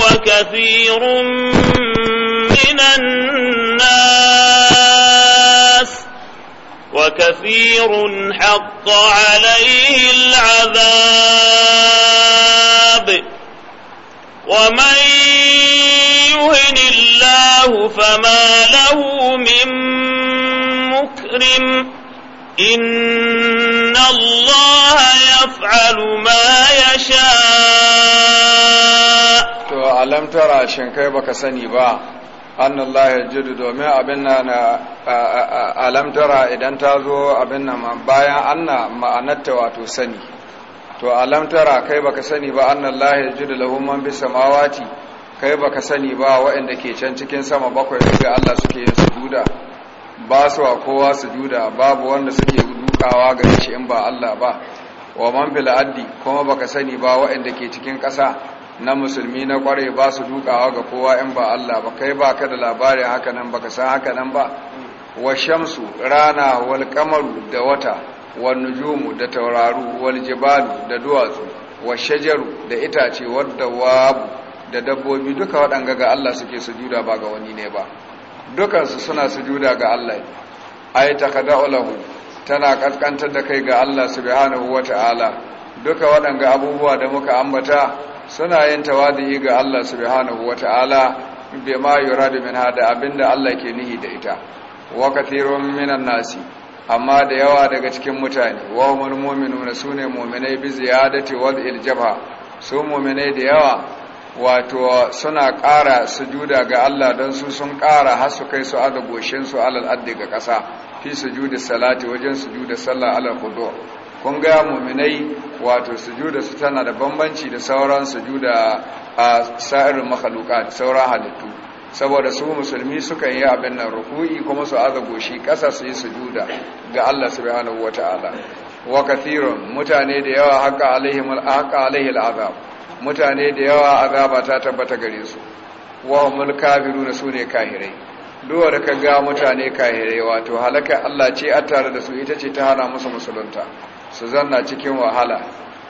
وكثير من الناس وكثير حق عليه العذاب ومن يهن الله فما له من مكرم إن الله يفعل ما يشاء alamtara shin kai baka sani ba annallahi jiddu domin abin nan alamtara idan ta zo abin nan bayan anna ma'anarta wato sani to alamtara kai baka sani ba annallahi jiddu lahum man bis samawati kai baka sani ba waɗanda ke can cikin sama bakwai daga Allah suke yin sujuda ba su wa kowa sujuda babu wanda suke dukawa ga shi in ba Allah ba wa man bil addi kuma baka sani ba waɗanda ke cikin ƙasa na musulmi na kware ba su dukawa ga kowa in ba Allah ba kai ba ka da labarin haka nan ba ka san haka nan ba wa shamsu rana wal kamaru da wata wa nujumu da tauraru wal jibalu da duwatsu wa shajaru da itace wadda wabu da dabbobi duka waɗanga ga Allah suke sujuda ba ga wani ne ba dukansu suna sujuda ga Allah ay takada'u lahu tana kaskantar da kai ga Allah subhanahu wata'ala duka waɗanga abubuwa da muka ambata suna yin tawadi ga Allah subhanahu wata'ala bima yuradu min hada abinda Allah ke nihi da ita wa kathirun minan nasi amma da yawa daga cikin mutane wa humul na sune mu'minai bi ziyadati wad'il jabha su mu'minai da yawa wato suna ƙara sujuda ga Allah don su sun ƙara har su kai su ada su alal ga ƙasa fi sujudi salati wajen sujudi sallah alal kun ga muminai wato sujuda su tana da bambanci da sauran sujuda a sa'irin da sauran halittu saboda su musulmi suka yi abin nan ruku'i kuma su aza goshi kasa su yi sujuda ga Allah subhanahu wata'ala wa kathirun mutane da yawa haka alaihim haka alaihi al'azab mutane da yawa azaba ta tabbata gare su wa da su sune kahirai duwa da ka ga mutane kahirai wato halaka Allah ce a tare da su ita ce ta hana musu musulunta su zanna cikin wahala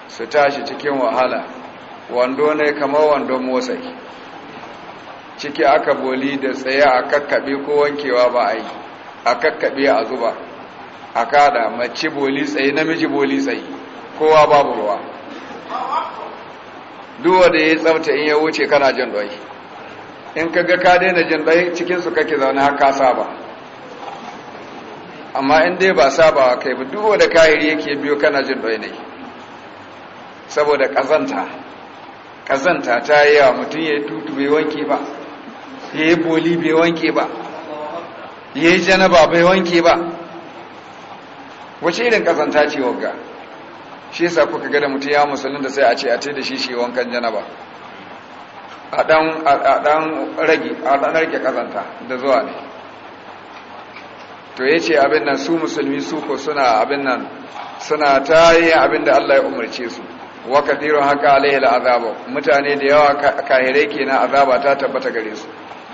su tashi cikin wahala wando ne kamar wando motsai ciki aka boli da tsaye a kakkaɓe ko wankewa ba a yi a kakkaɓe a zuba a kada mace boli tsaye namiji boli tsaye kowa babu ruwa duwa da ya tsabta in ya wuce kana jin ɗwai in ka ga ka daina jin ɗwai cikinsu kake zaune haka saba amma in dai ba sabawa kai ba duk wanda kayiri yake biyo kana jin ɗoyi ne saboda ƙazanta kazanta ta yi yawa mutum ya yi tutu bai wanke ba ya yi boli bai wanke ba ya yi janaba bai wanke ba wace irin ƙazanta ce wagga shi yasa kuka ga da mutum ya musulun da sai a ce a ce da shi shi wankan janaba a ɗan rage ƙazanta da zuwa ne to ya ce abin nan su musulmi su ko suna abin nan suna ta yi abin da Allah ya umarce su wa kathirun haka alaihi al'azaba mutane da yawa kahirai kenan azaba ta tabbata gare su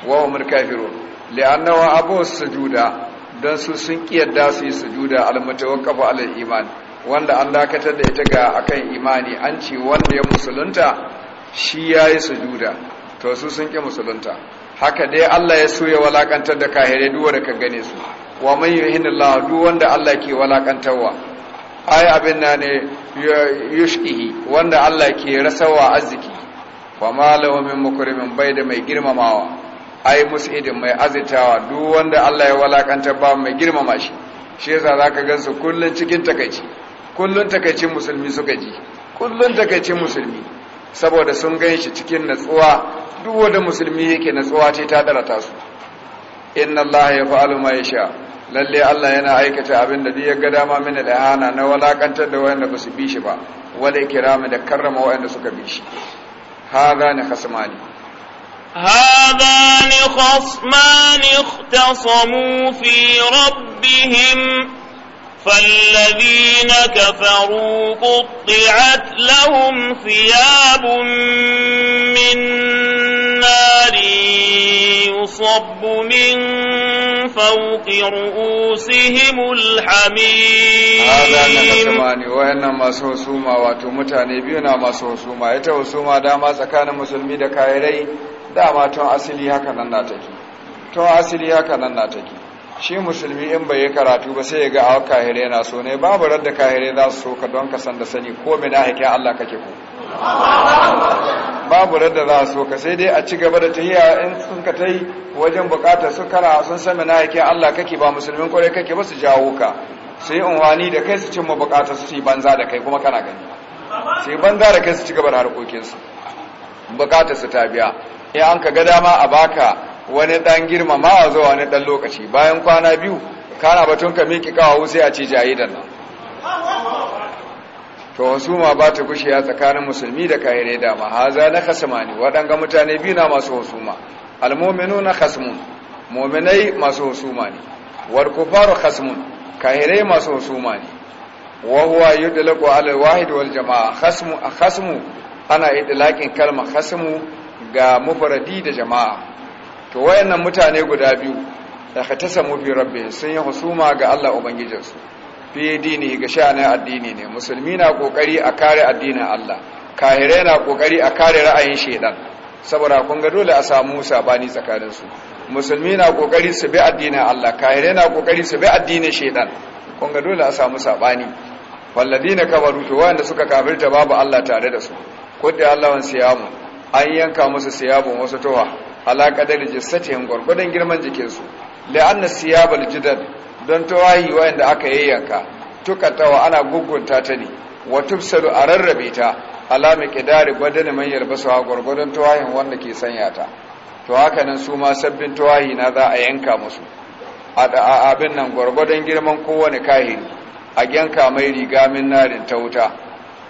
wa umar kafirun li'annahu abu sujuda don su sun kiyarda su yi sujuda kafa alal iman wanda an dakatar da ita ga akan imani an ce wanda ya musulunta shi yayi sujuda to su sun ki musulunta haka dai Allah ya so ya walakantar da kahirai duwa da ka gane su wa man yuhin Allah duk wanda Allah ke walakantarwa ai abin nan ne yushkihi wanda Allah ke rasawa arziki fa malahu min mukrimin bai da mai girmamawa ai musidin mai azitawa duk wanda Allah ya walakanta ba mai girmama shi shi yasa zaka gansu kullun cikin takaici kullun takaici musulmi suka ji kullun takaici musulmi saboda sun ganshi cikin natsuwa duk wanda musulmi yake natsuwa ce ta darata su inna Allah ya fa'alu ma yasha lalle Allah yana aikata abin da duk ya ga dama da al'ana na walakantar da wayanda ba su bi shi ba wala kirama da karrama wayanda suka bi shi hada ne khasmani هذان خصمان اختصموا في ربهم فالذين كفروا قطعت لهم ثياب من نار يصب من فوق رؤوسهم الحميم هذا نقسمان وإن ما سوسوما وتمتاني بينا ما سوسوما يتوسوما داما سكان مسلمي دكايري dama tun asili haka nan na take tun asili haka nan na take shi musulmi in bai yi karatu ba sai ya ga a kahire na so ne babu radda kahire za su so ka don ka san da sani ko mina haƙƙin Allah kake ko babu radda za su ka sai dai a ci gaba da tahiya in sun ka tai wajen bukatar su kara sun sami na yake Allah kake ba musulmin kwarai kake ba su jawo ka su yi unwani da kai su cin bukatar su su yi banza da kai kuma kana gani su yi banza da kai su ci gaba da harkokinsu bukatar su ta biya ya an ka ga dama a baka wani dan ma a zuwa wani dan lokaci bayan kwana biyu kana batun ka miƙi kawo sai a ce da nan to husuma ba ta a tsakanin musulmi da kafirai da ma haza na khasmani waɗanga mutane biyu na masu husuma na khasmun mu'minai masu ma ne wal kufaru khasmun kafirai masu husuma ne Wahuwa yi yudlaqu ala wahid wal jama'a khasmu khasmu ana dalakin kalma khasmu ga mufaradi da jama'a to wayannan mutane guda biyu da ka tasa bi rabbi sun yi husuma ga Allah ubangijinsu fi dini ga sha'anin addini ne musulmi na kokari a kare addinin Allah kahirai na kokari a kare ra'ayin shedan saboda kun ga dole a samu sabani tsakanin su musulmi na kokari su bi addinin Allah kahirai na kokari su bi addinin shedan kun ga dole a samu sabani walladina kafaru to wanda suka kafirta babu Allah tare da su kodda Allah wan siyamu an yanka musu siyabu wasu towa ala da jissatihim gurgudan girman jikinsu la'anna siyabal jidad don tawahi wayanda aka yayyanka tukatawa ana gugunta ta ne wa tufsalu a rarrabe ta alamin kidari gwadani man yarbasu a gwargwadon tawahin wanda ke sanya ta to haka nan su ma sabbin tawahi na za a yanka musu a abin nan gwargwadon girman kowane kahiri a yanka mai riga min narin ta wuta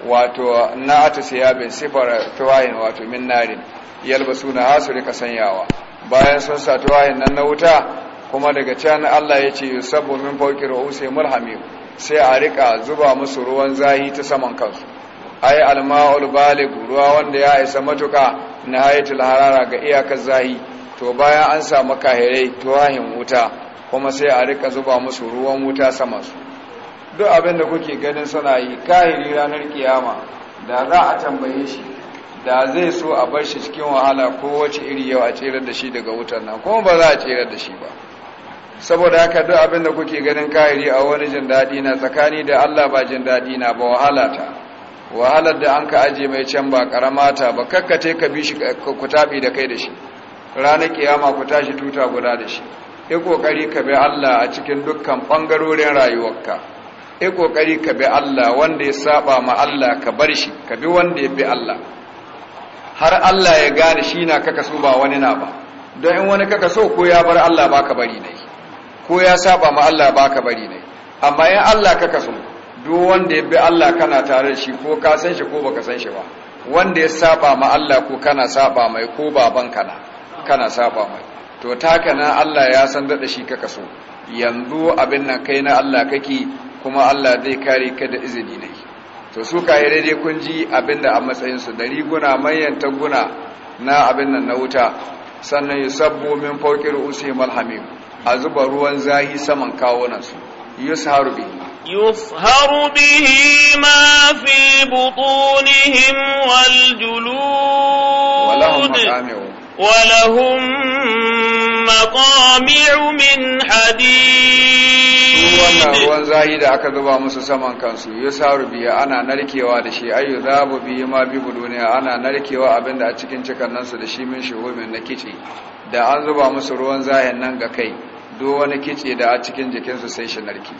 wato na ata bin sifar tawahin wato min narin yalbasu na hasu rika sanyawa bayan sun sa tawahin nan na wuta kuma daga can Allah ya ce yusabbu min fawqi ru'usi mulhamim sai a rika zuba musu ruwan zahi ta saman kansu ai alma'ul balig ruwa wanda ya isa matuka nihayatul harara ga iyakar zahi to bayan an samu kahirai tuwahin wuta kuma sai a rika zuba musu ruwan wuta sama su duk abin da kuke ganin suna yi kahiri ranar kiyama da za a tambaye shi da zai so a bar shi cikin wahala ko wace iri yau a tserar da shi daga wutan nan kuma ba za a tserar da shi ba saboda haka duk abin da kuke ganin kayiri a wani jin daɗi na tsakani da Allah ba jin daɗi na ba wahala wahalar da an ka aje mai can ba karamata ba kakkace ka bi shi ku tabi da kai da shi ranar kiyama ku tashi tuta guda da shi yi kokari ka bi Allah a cikin dukkan bangarorin rayuwarka yi kokari ka bi Allah wanda ya saba ma Allah ka bar shi ka bi wanda ya bi Allah har Allah ya gane shi na kaka so ba wani na ba don in wani kaka so ko ya bar Allah ba ka bari dai ko ya saba ma Allah ba ka bari ne amma in Allah ka kaso duk wanda ya bi Allah kana tare shi ko ka san shi ko baka san shi ba wanda ya saba ma Allah ko kana saba mai ko baban kana kana saba mai to taka nan Allah ya san da shi ka kasu, yanzu abin nan kai na Allah kake kuma Allah zai kare ka da izini ne to su ka kayi daidai kun ji abin a matsayin su da riguna manyan taguna na abin nan na wuta sannan yusabbu min fawqi ru'usihim alhamim a zuba ruwan zahi saman kawunansu yusharu bihi يصهر به ما في بطونهم والجلود ولهم مقامع من حديد ruwan zahi da aka zuba musu saman kansu yusaru biya ana narkewa da shi ayu zabu biyu ma bi buduniya ana narkewa abinda a cikin cikan da shi min shuhumin na kici da an zuba musu ruwan zahin nan ga kai duk wani kice da a cikin jikinsu sai shi narki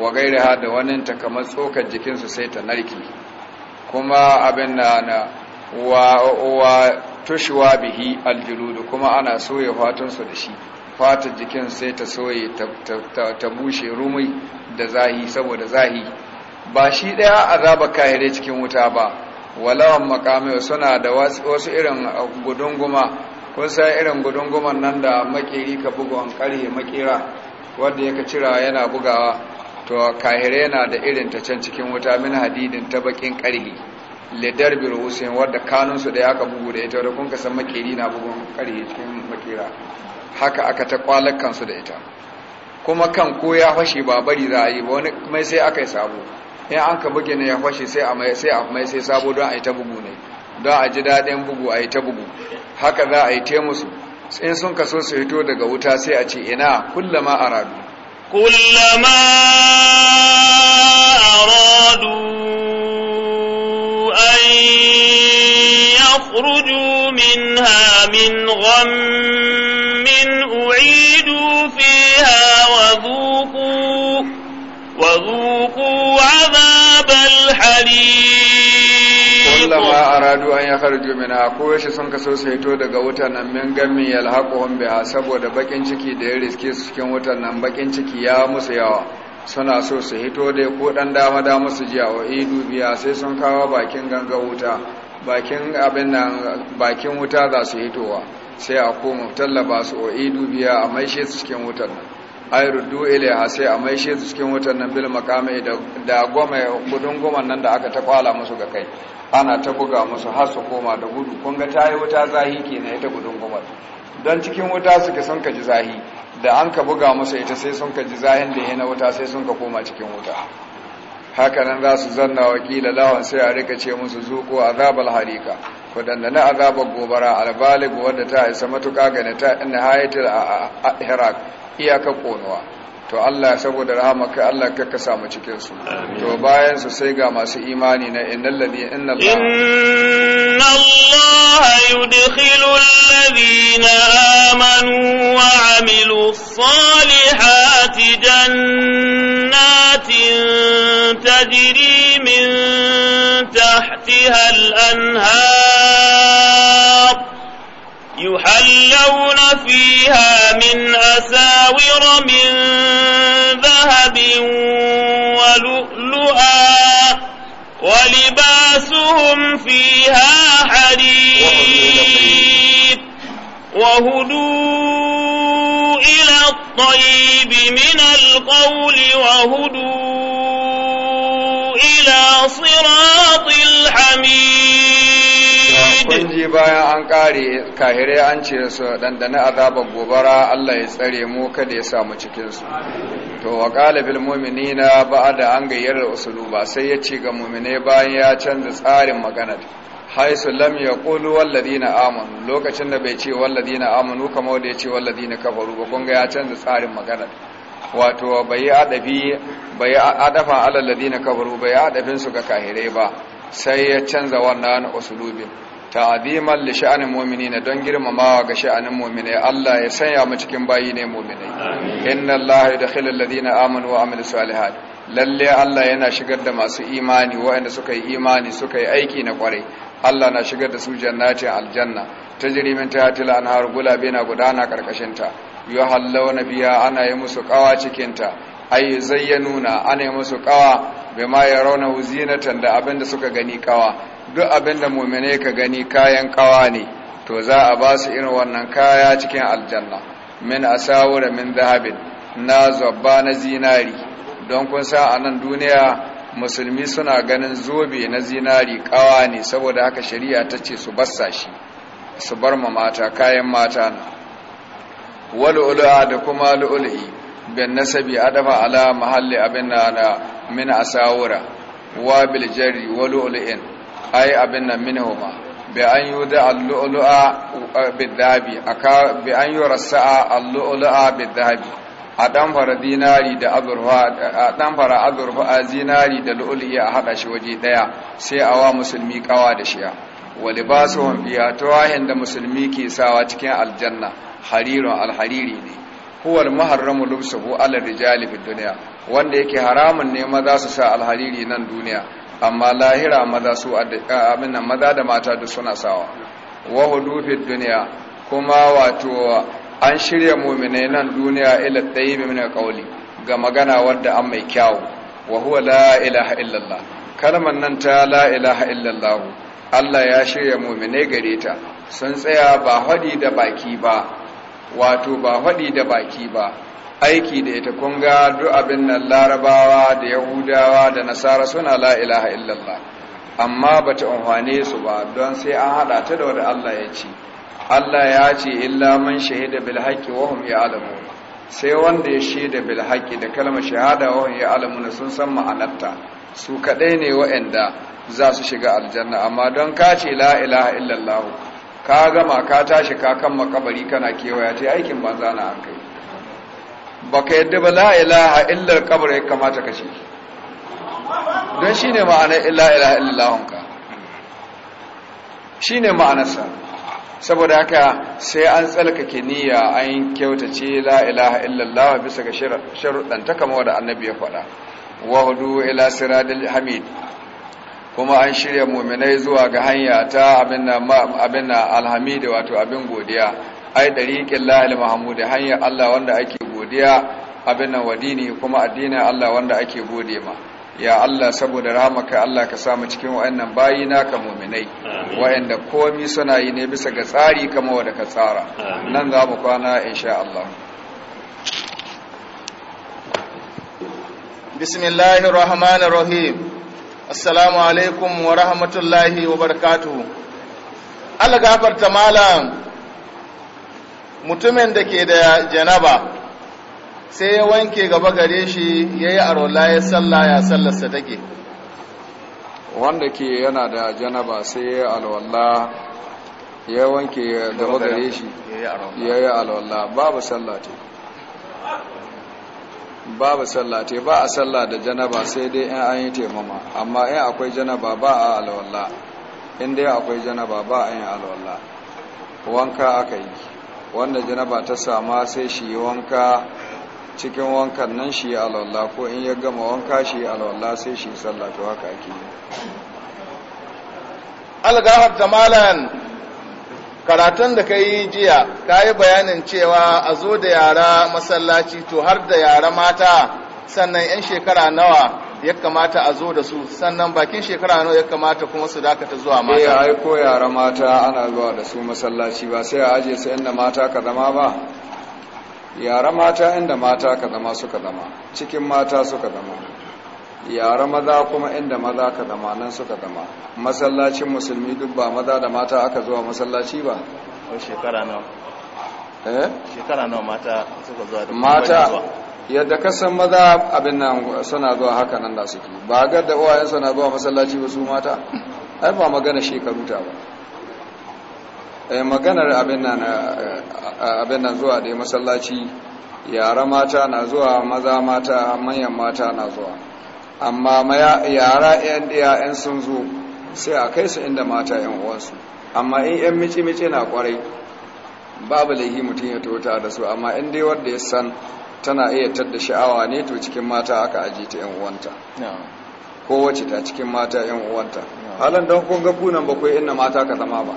wa ha da wani ta kamar tsokar jikinsu sai ta narki kuma abin na na wa tushuwa bihi aljuludu kuma ana soye fatunsu da shi fatar jikin sai ta soye ta bushe rumi da zahi saboda zahi ba shi daya azaba kahire cikin wuta ba walawan makamai suna da wasu irin gudunguma kun sa irin gudun gudunguman nan da makeri ka buga an karhe makera wanda yaka cira yana bugawa to kahire yana da irin ta can cikin wuta min hadidin ta bakin karhe lidar bi rusin wanda kanun su da yaka bugu da ita da kun ka san makeri na bugun karhe cikin makera haka aka ta kwalakan su da ita kuma kan ko ya fashe ba bari za a yi ba wani mai sai aka yi sabo in an ka buge ne ya fashe sai a mai sai sabo don a yi ta bugu ne za a ji daɗin bugu a yi ta bugu haka za a yi te musu in sun kaso su hito daga wuta sai a ce ina kullama aradu kullama aradu an ya kuruju min ghammin u'idu fiha wa zuku wa kullama aradu an ya kharju mina ko yashi sun kaso su hito daga wutan nan min gammi yalhaquhum biha saboda bakin ciki da ya riske su cikin wutan nan bakin ciki ya musu yawa suna so su hito dai ko dan dama da musu jiya wa idu biya sai sun kawo bakin ganga wuta bakin abin nan bakin wuta za su hitowa sai a koma tallaba su wa idu biya a maishe su cikin wutan nan ay ruddu ha sai a maishe su cikin wutan nan bil maqami da da goma kudin goman nan da aka ta kwala musu ga kai ana ta buga musu har su koma da gudu kun ga ta yi wuta zahi kenan ita gudun gumar don cikin wuta suka sun ka ji zahi da an ka buga musu ita sai sun ka ji zahin da yana wuta sai sun ka koma cikin wuta hakanan za su zanna wakila lawan sai a rika ce musu zuko azabal harika kudanda na azabar gobara albalig wadda ta isa matuka ga na hayatul a iraq iyakar konuwa to Allah saboda rahamaka Allah ka samu cikin su to bayan su sai ga masu imani na innal ladhi inna Allah inna Allah yudkhilu alladhina amanu wa amilu salihati jannatin tajri min tahtiha al-anhar يحلون فيها من أساور من ذهب ولؤلؤا ولباسهم فيها حرير وهدوء إلى الطيب من القول وهدوء إلى صراط kun ji bayan an kare kahirai an ce su dandana azabar gobara Allah ya tsare mu kada ya samu cikin su to wa qala bil mu'minina ba'da an gayyar ba sai ya ce ga mu'mine bayan ya canza tsarin magana haisu lam yaqulu walladina amanu lokacin da bai ce walladina amanu kamar da ya ce walladina kafaru ba kun ga ya canza tsarin magana wato bai adabi bai adafa alal ladina kafaru bai adafin su ga kahirai ba sai ya canza wannan usulubin ta'aziman li sha'anin ne don girmamawa ga sha'anin mu'minai Allah ya sanya mu cikin bayi ne mu'minai inna Allah yadkhilu alladhina amanu wa amilus salihat lalle Allah yana shigar da masu imani waɗanda suka yi imani suka yi aiki na kwarai Allah na shigar da su jannatin aljanna tajri min tahtil anhar gulabe na gudana karkashin ta yuhallawna biya ana yi musu kawa cikin ta ay zayyanuna ana musu kawa bima yarawna zinatan da abinda suka gani kawa duk abinda mu'mine ka gani kayan kawa ne to za a ba su irin wannan kaya cikin aljanna min asawira min zahabin na zabba na zinari don kun sa a nan duniya musulmi suna ganin zobe na zinari kawa ne saboda haka shari'a ta ce su bassa shi su bar ma mata kayan mata na wal'ula da kuma lu'ul'i bin nasabi a dafa ala mahalli abin na min asawura wa bil jarri wa lu'lu'in ai abin min minhuma bi an yi al-lu'lu'a uh, bi dhabi aka bi an yursa al-lu'lu'a bi dhabi a damfara dinari da azurfa a damfara azurfa a zinari da lu'lu'i a hada shi waje daya sai a wa musulmi kawa da shiya wa libasuhum biya tawahin da musulmi ke sawa cikin aljanna harirun alhariri ne huwal maharramu lubsuhu ala rijali fid dunya wanda yake haramun ne maza su sa alhariri nan duniya amma lahira maza su abin maza da mata duk suna sawa wa hudu fid dunya kuma wato an shirya mu'minai nan duniya ila tayyib min qawli ga magana wadda an mai kyau wa huwa la ilaha illallah kalmar nan ta la ilaha illallah Allah ya shirya mu'minai gare ta sun tsaya ba hadi da baki ba wato ba faɗi da baki ba aiki da ita kun ga duk abin nan larabawa da yahudawa da nasara suna la'ilaha ilaha illallah amma ba ta su ba don sai an haɗa ta da wani Allah ya ce Allah ya ce illa man shahida bil wahum ya alamu, sai wanda ya shaida bil da kalma shahada wahum ya alamu na sun san ma'anarta su kaɗai ne waɗanda za su shiga aljanna amma don ka ce la illallah ka gama ka tashi ka kan makabari kana kewaya ta aikin banza na an kai ba ka yadda ba la ilaha illar kabar ya kamata ka ce don shi ne ma'anar illa ilaha illahunka shi ne ma'anarsa saboda haka sai an tsalkake niyya an kyautace la ilaha illallah bisa ga sharuɗanta kama da annabi ya faɗa wahudu ila siradil hamid kuma an shirya muminai zuwa ga hanya ta abin na alhamidi wato abin godiya ai ɗariƙin lahil mahamudu hanyar allah wanda ake godiya abin nan wadini kuma addinin allah wanda ake gode ma ya allah saboda ramaka allah ka samu cikin wa'annan bayi na ka muminai wa'anda komi suna yi ne bisa ga tsari kama wadda ka tsara nan za mu kwana insha allah bismillahir rahmanir rahim assalamu alaikum wa rahmatullahi wa barakatuhu Allah ta malam mutumin da ke da janaba sai ya wanke gaba gare shi ya yi arola ya salla ya sallarsa take wanda ke yana da janaba sai ya yi alwalla ya wanke gaba gare shi ya yi alwalla babu sallata. babu sallah te ba a sallah da janaba sai dai in an yi taimama amma in akwai janaba ba a alwalla in dai akwai janaba ba a yin alwalla wanka aka yi wanda janaba ta sama sai shi yi wanka cikin wankan nan shi yi alwalla ko in ya gama wanka shi yi alwalla sai shi sallah to haka ake yi algahar jamalan karatun da ka yi jiya ka yi bayanin cewa a zo da yara masallaci to har da yara mata sannan 'yan shekara nawa ya kamata a zo da su sannan bakin shekara nawa ya kamata kuma su dakata zuwa mata ya eh, aiko yara mata ana zuwa da su masallaci ba sai a aje su inda mata ka zama ba yara mata inda mata ka zama suka zama cikin mata suka zama yara maza kuma inda maza ka zama nan suka zama masallacin musulmi duk ba maza da mata aka zuwa masallaci ba ko shekara nawa eh shekara nawa mata suka zuwa da mata yadda kasan maza abin nan suna zuwa haka nan da suke ba ga da uwayen suna zuwa masallaci ba su mata ai ba magana shekaru ta ba eh maganar abin nan eh, abin nan zuwa da masallaci yara mata na zuwa maza mata manyan mata na zuwa amma yara yan diya yan sun zo sai a kai su inda mata yan uwansu amma in yan mici-mici na kwarai babu laihi mutum ya tota da su amma in dai wadda ya san tana iya tadda sha'awa ne to cikin mata aka aji ta yan uwanta kowace ta cikin mata yan uwanta halin don kun gabu nan bakwai inna mata ka zama ba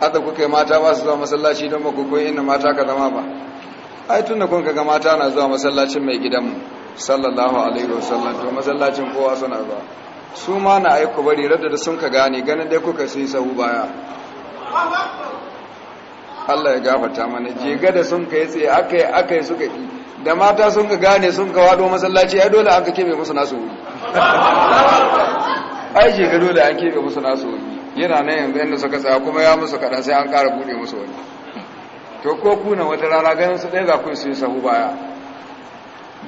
hada kuka mata ba su zuwa masallaci don ba ku inda mata ka zama ba ai tun da kun kaga mata na zuwa masallacin mai gidanmu sallallahu alaihi wasallam to masallacin kowa suna ba su ma na aiko bari radda da sun ka gane ganin dai kuka sai sahu baya Allah ya gafarta mana jega da sun ka yace akai akai suka yi da mata sun ka gane sun ka wado masallaci ai dole an ka kebe musu nasu wuri ai jega dole an kebe musu nasu wuri yana nan yanzu inda suka tsaya kuma ya musu kada sai an kara bude musu wani to ko kuna wata rana ganin su ɗaya za ku yi sahu baya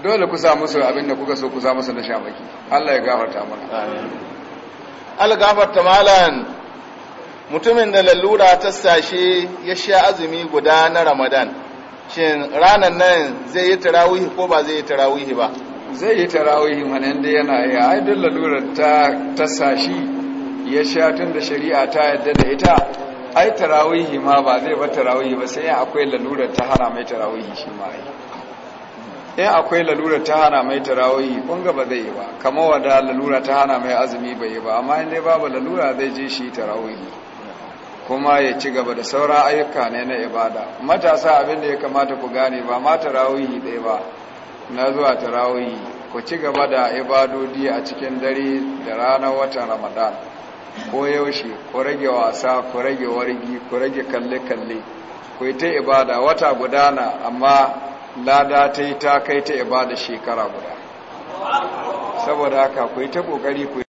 dole ku sa musu abin da kuka so ku sa musu na shamaki Allah ya gafarta mana Allah gafarta malan mutumin da lalura ta sashe ya sha azumi guda na Ramadan shin ranan nan zai yi tarawihi ko ba zai yi tarawihi ba zai yi tarawihi mana inda yana yi ai duk lalurar ta ta sashi ya sha tun da shari'a ta yadda da ita ai tarawihi ma ba zai ba tarawihi ba sai akwai lalurar ta hana mai tarawihi shi ma ai in akwai lalura ta hana mai tarawayi kun ga ba zai yi ba kama wada lalura ta hana mai azumi bai yi ba amma inda babu lalura zai je shi tarawayi kuma ya ci gaba da sauran ayyuka ne na ibada matasa abin da ya kamata ku gane ba ma tarawihi ɗaya ba na zuwa tarawihi ku ci gaba da ibadodi a cikin dare da ranar watan ramadan ko yaushe ku rage wasa ku rage wargi ku rage kalle-kalle ku yi ta ibada wata gudana amma lada ta yi ta kai ta ibada shekara guda saboda haka ku yi ta ƙoƙari ku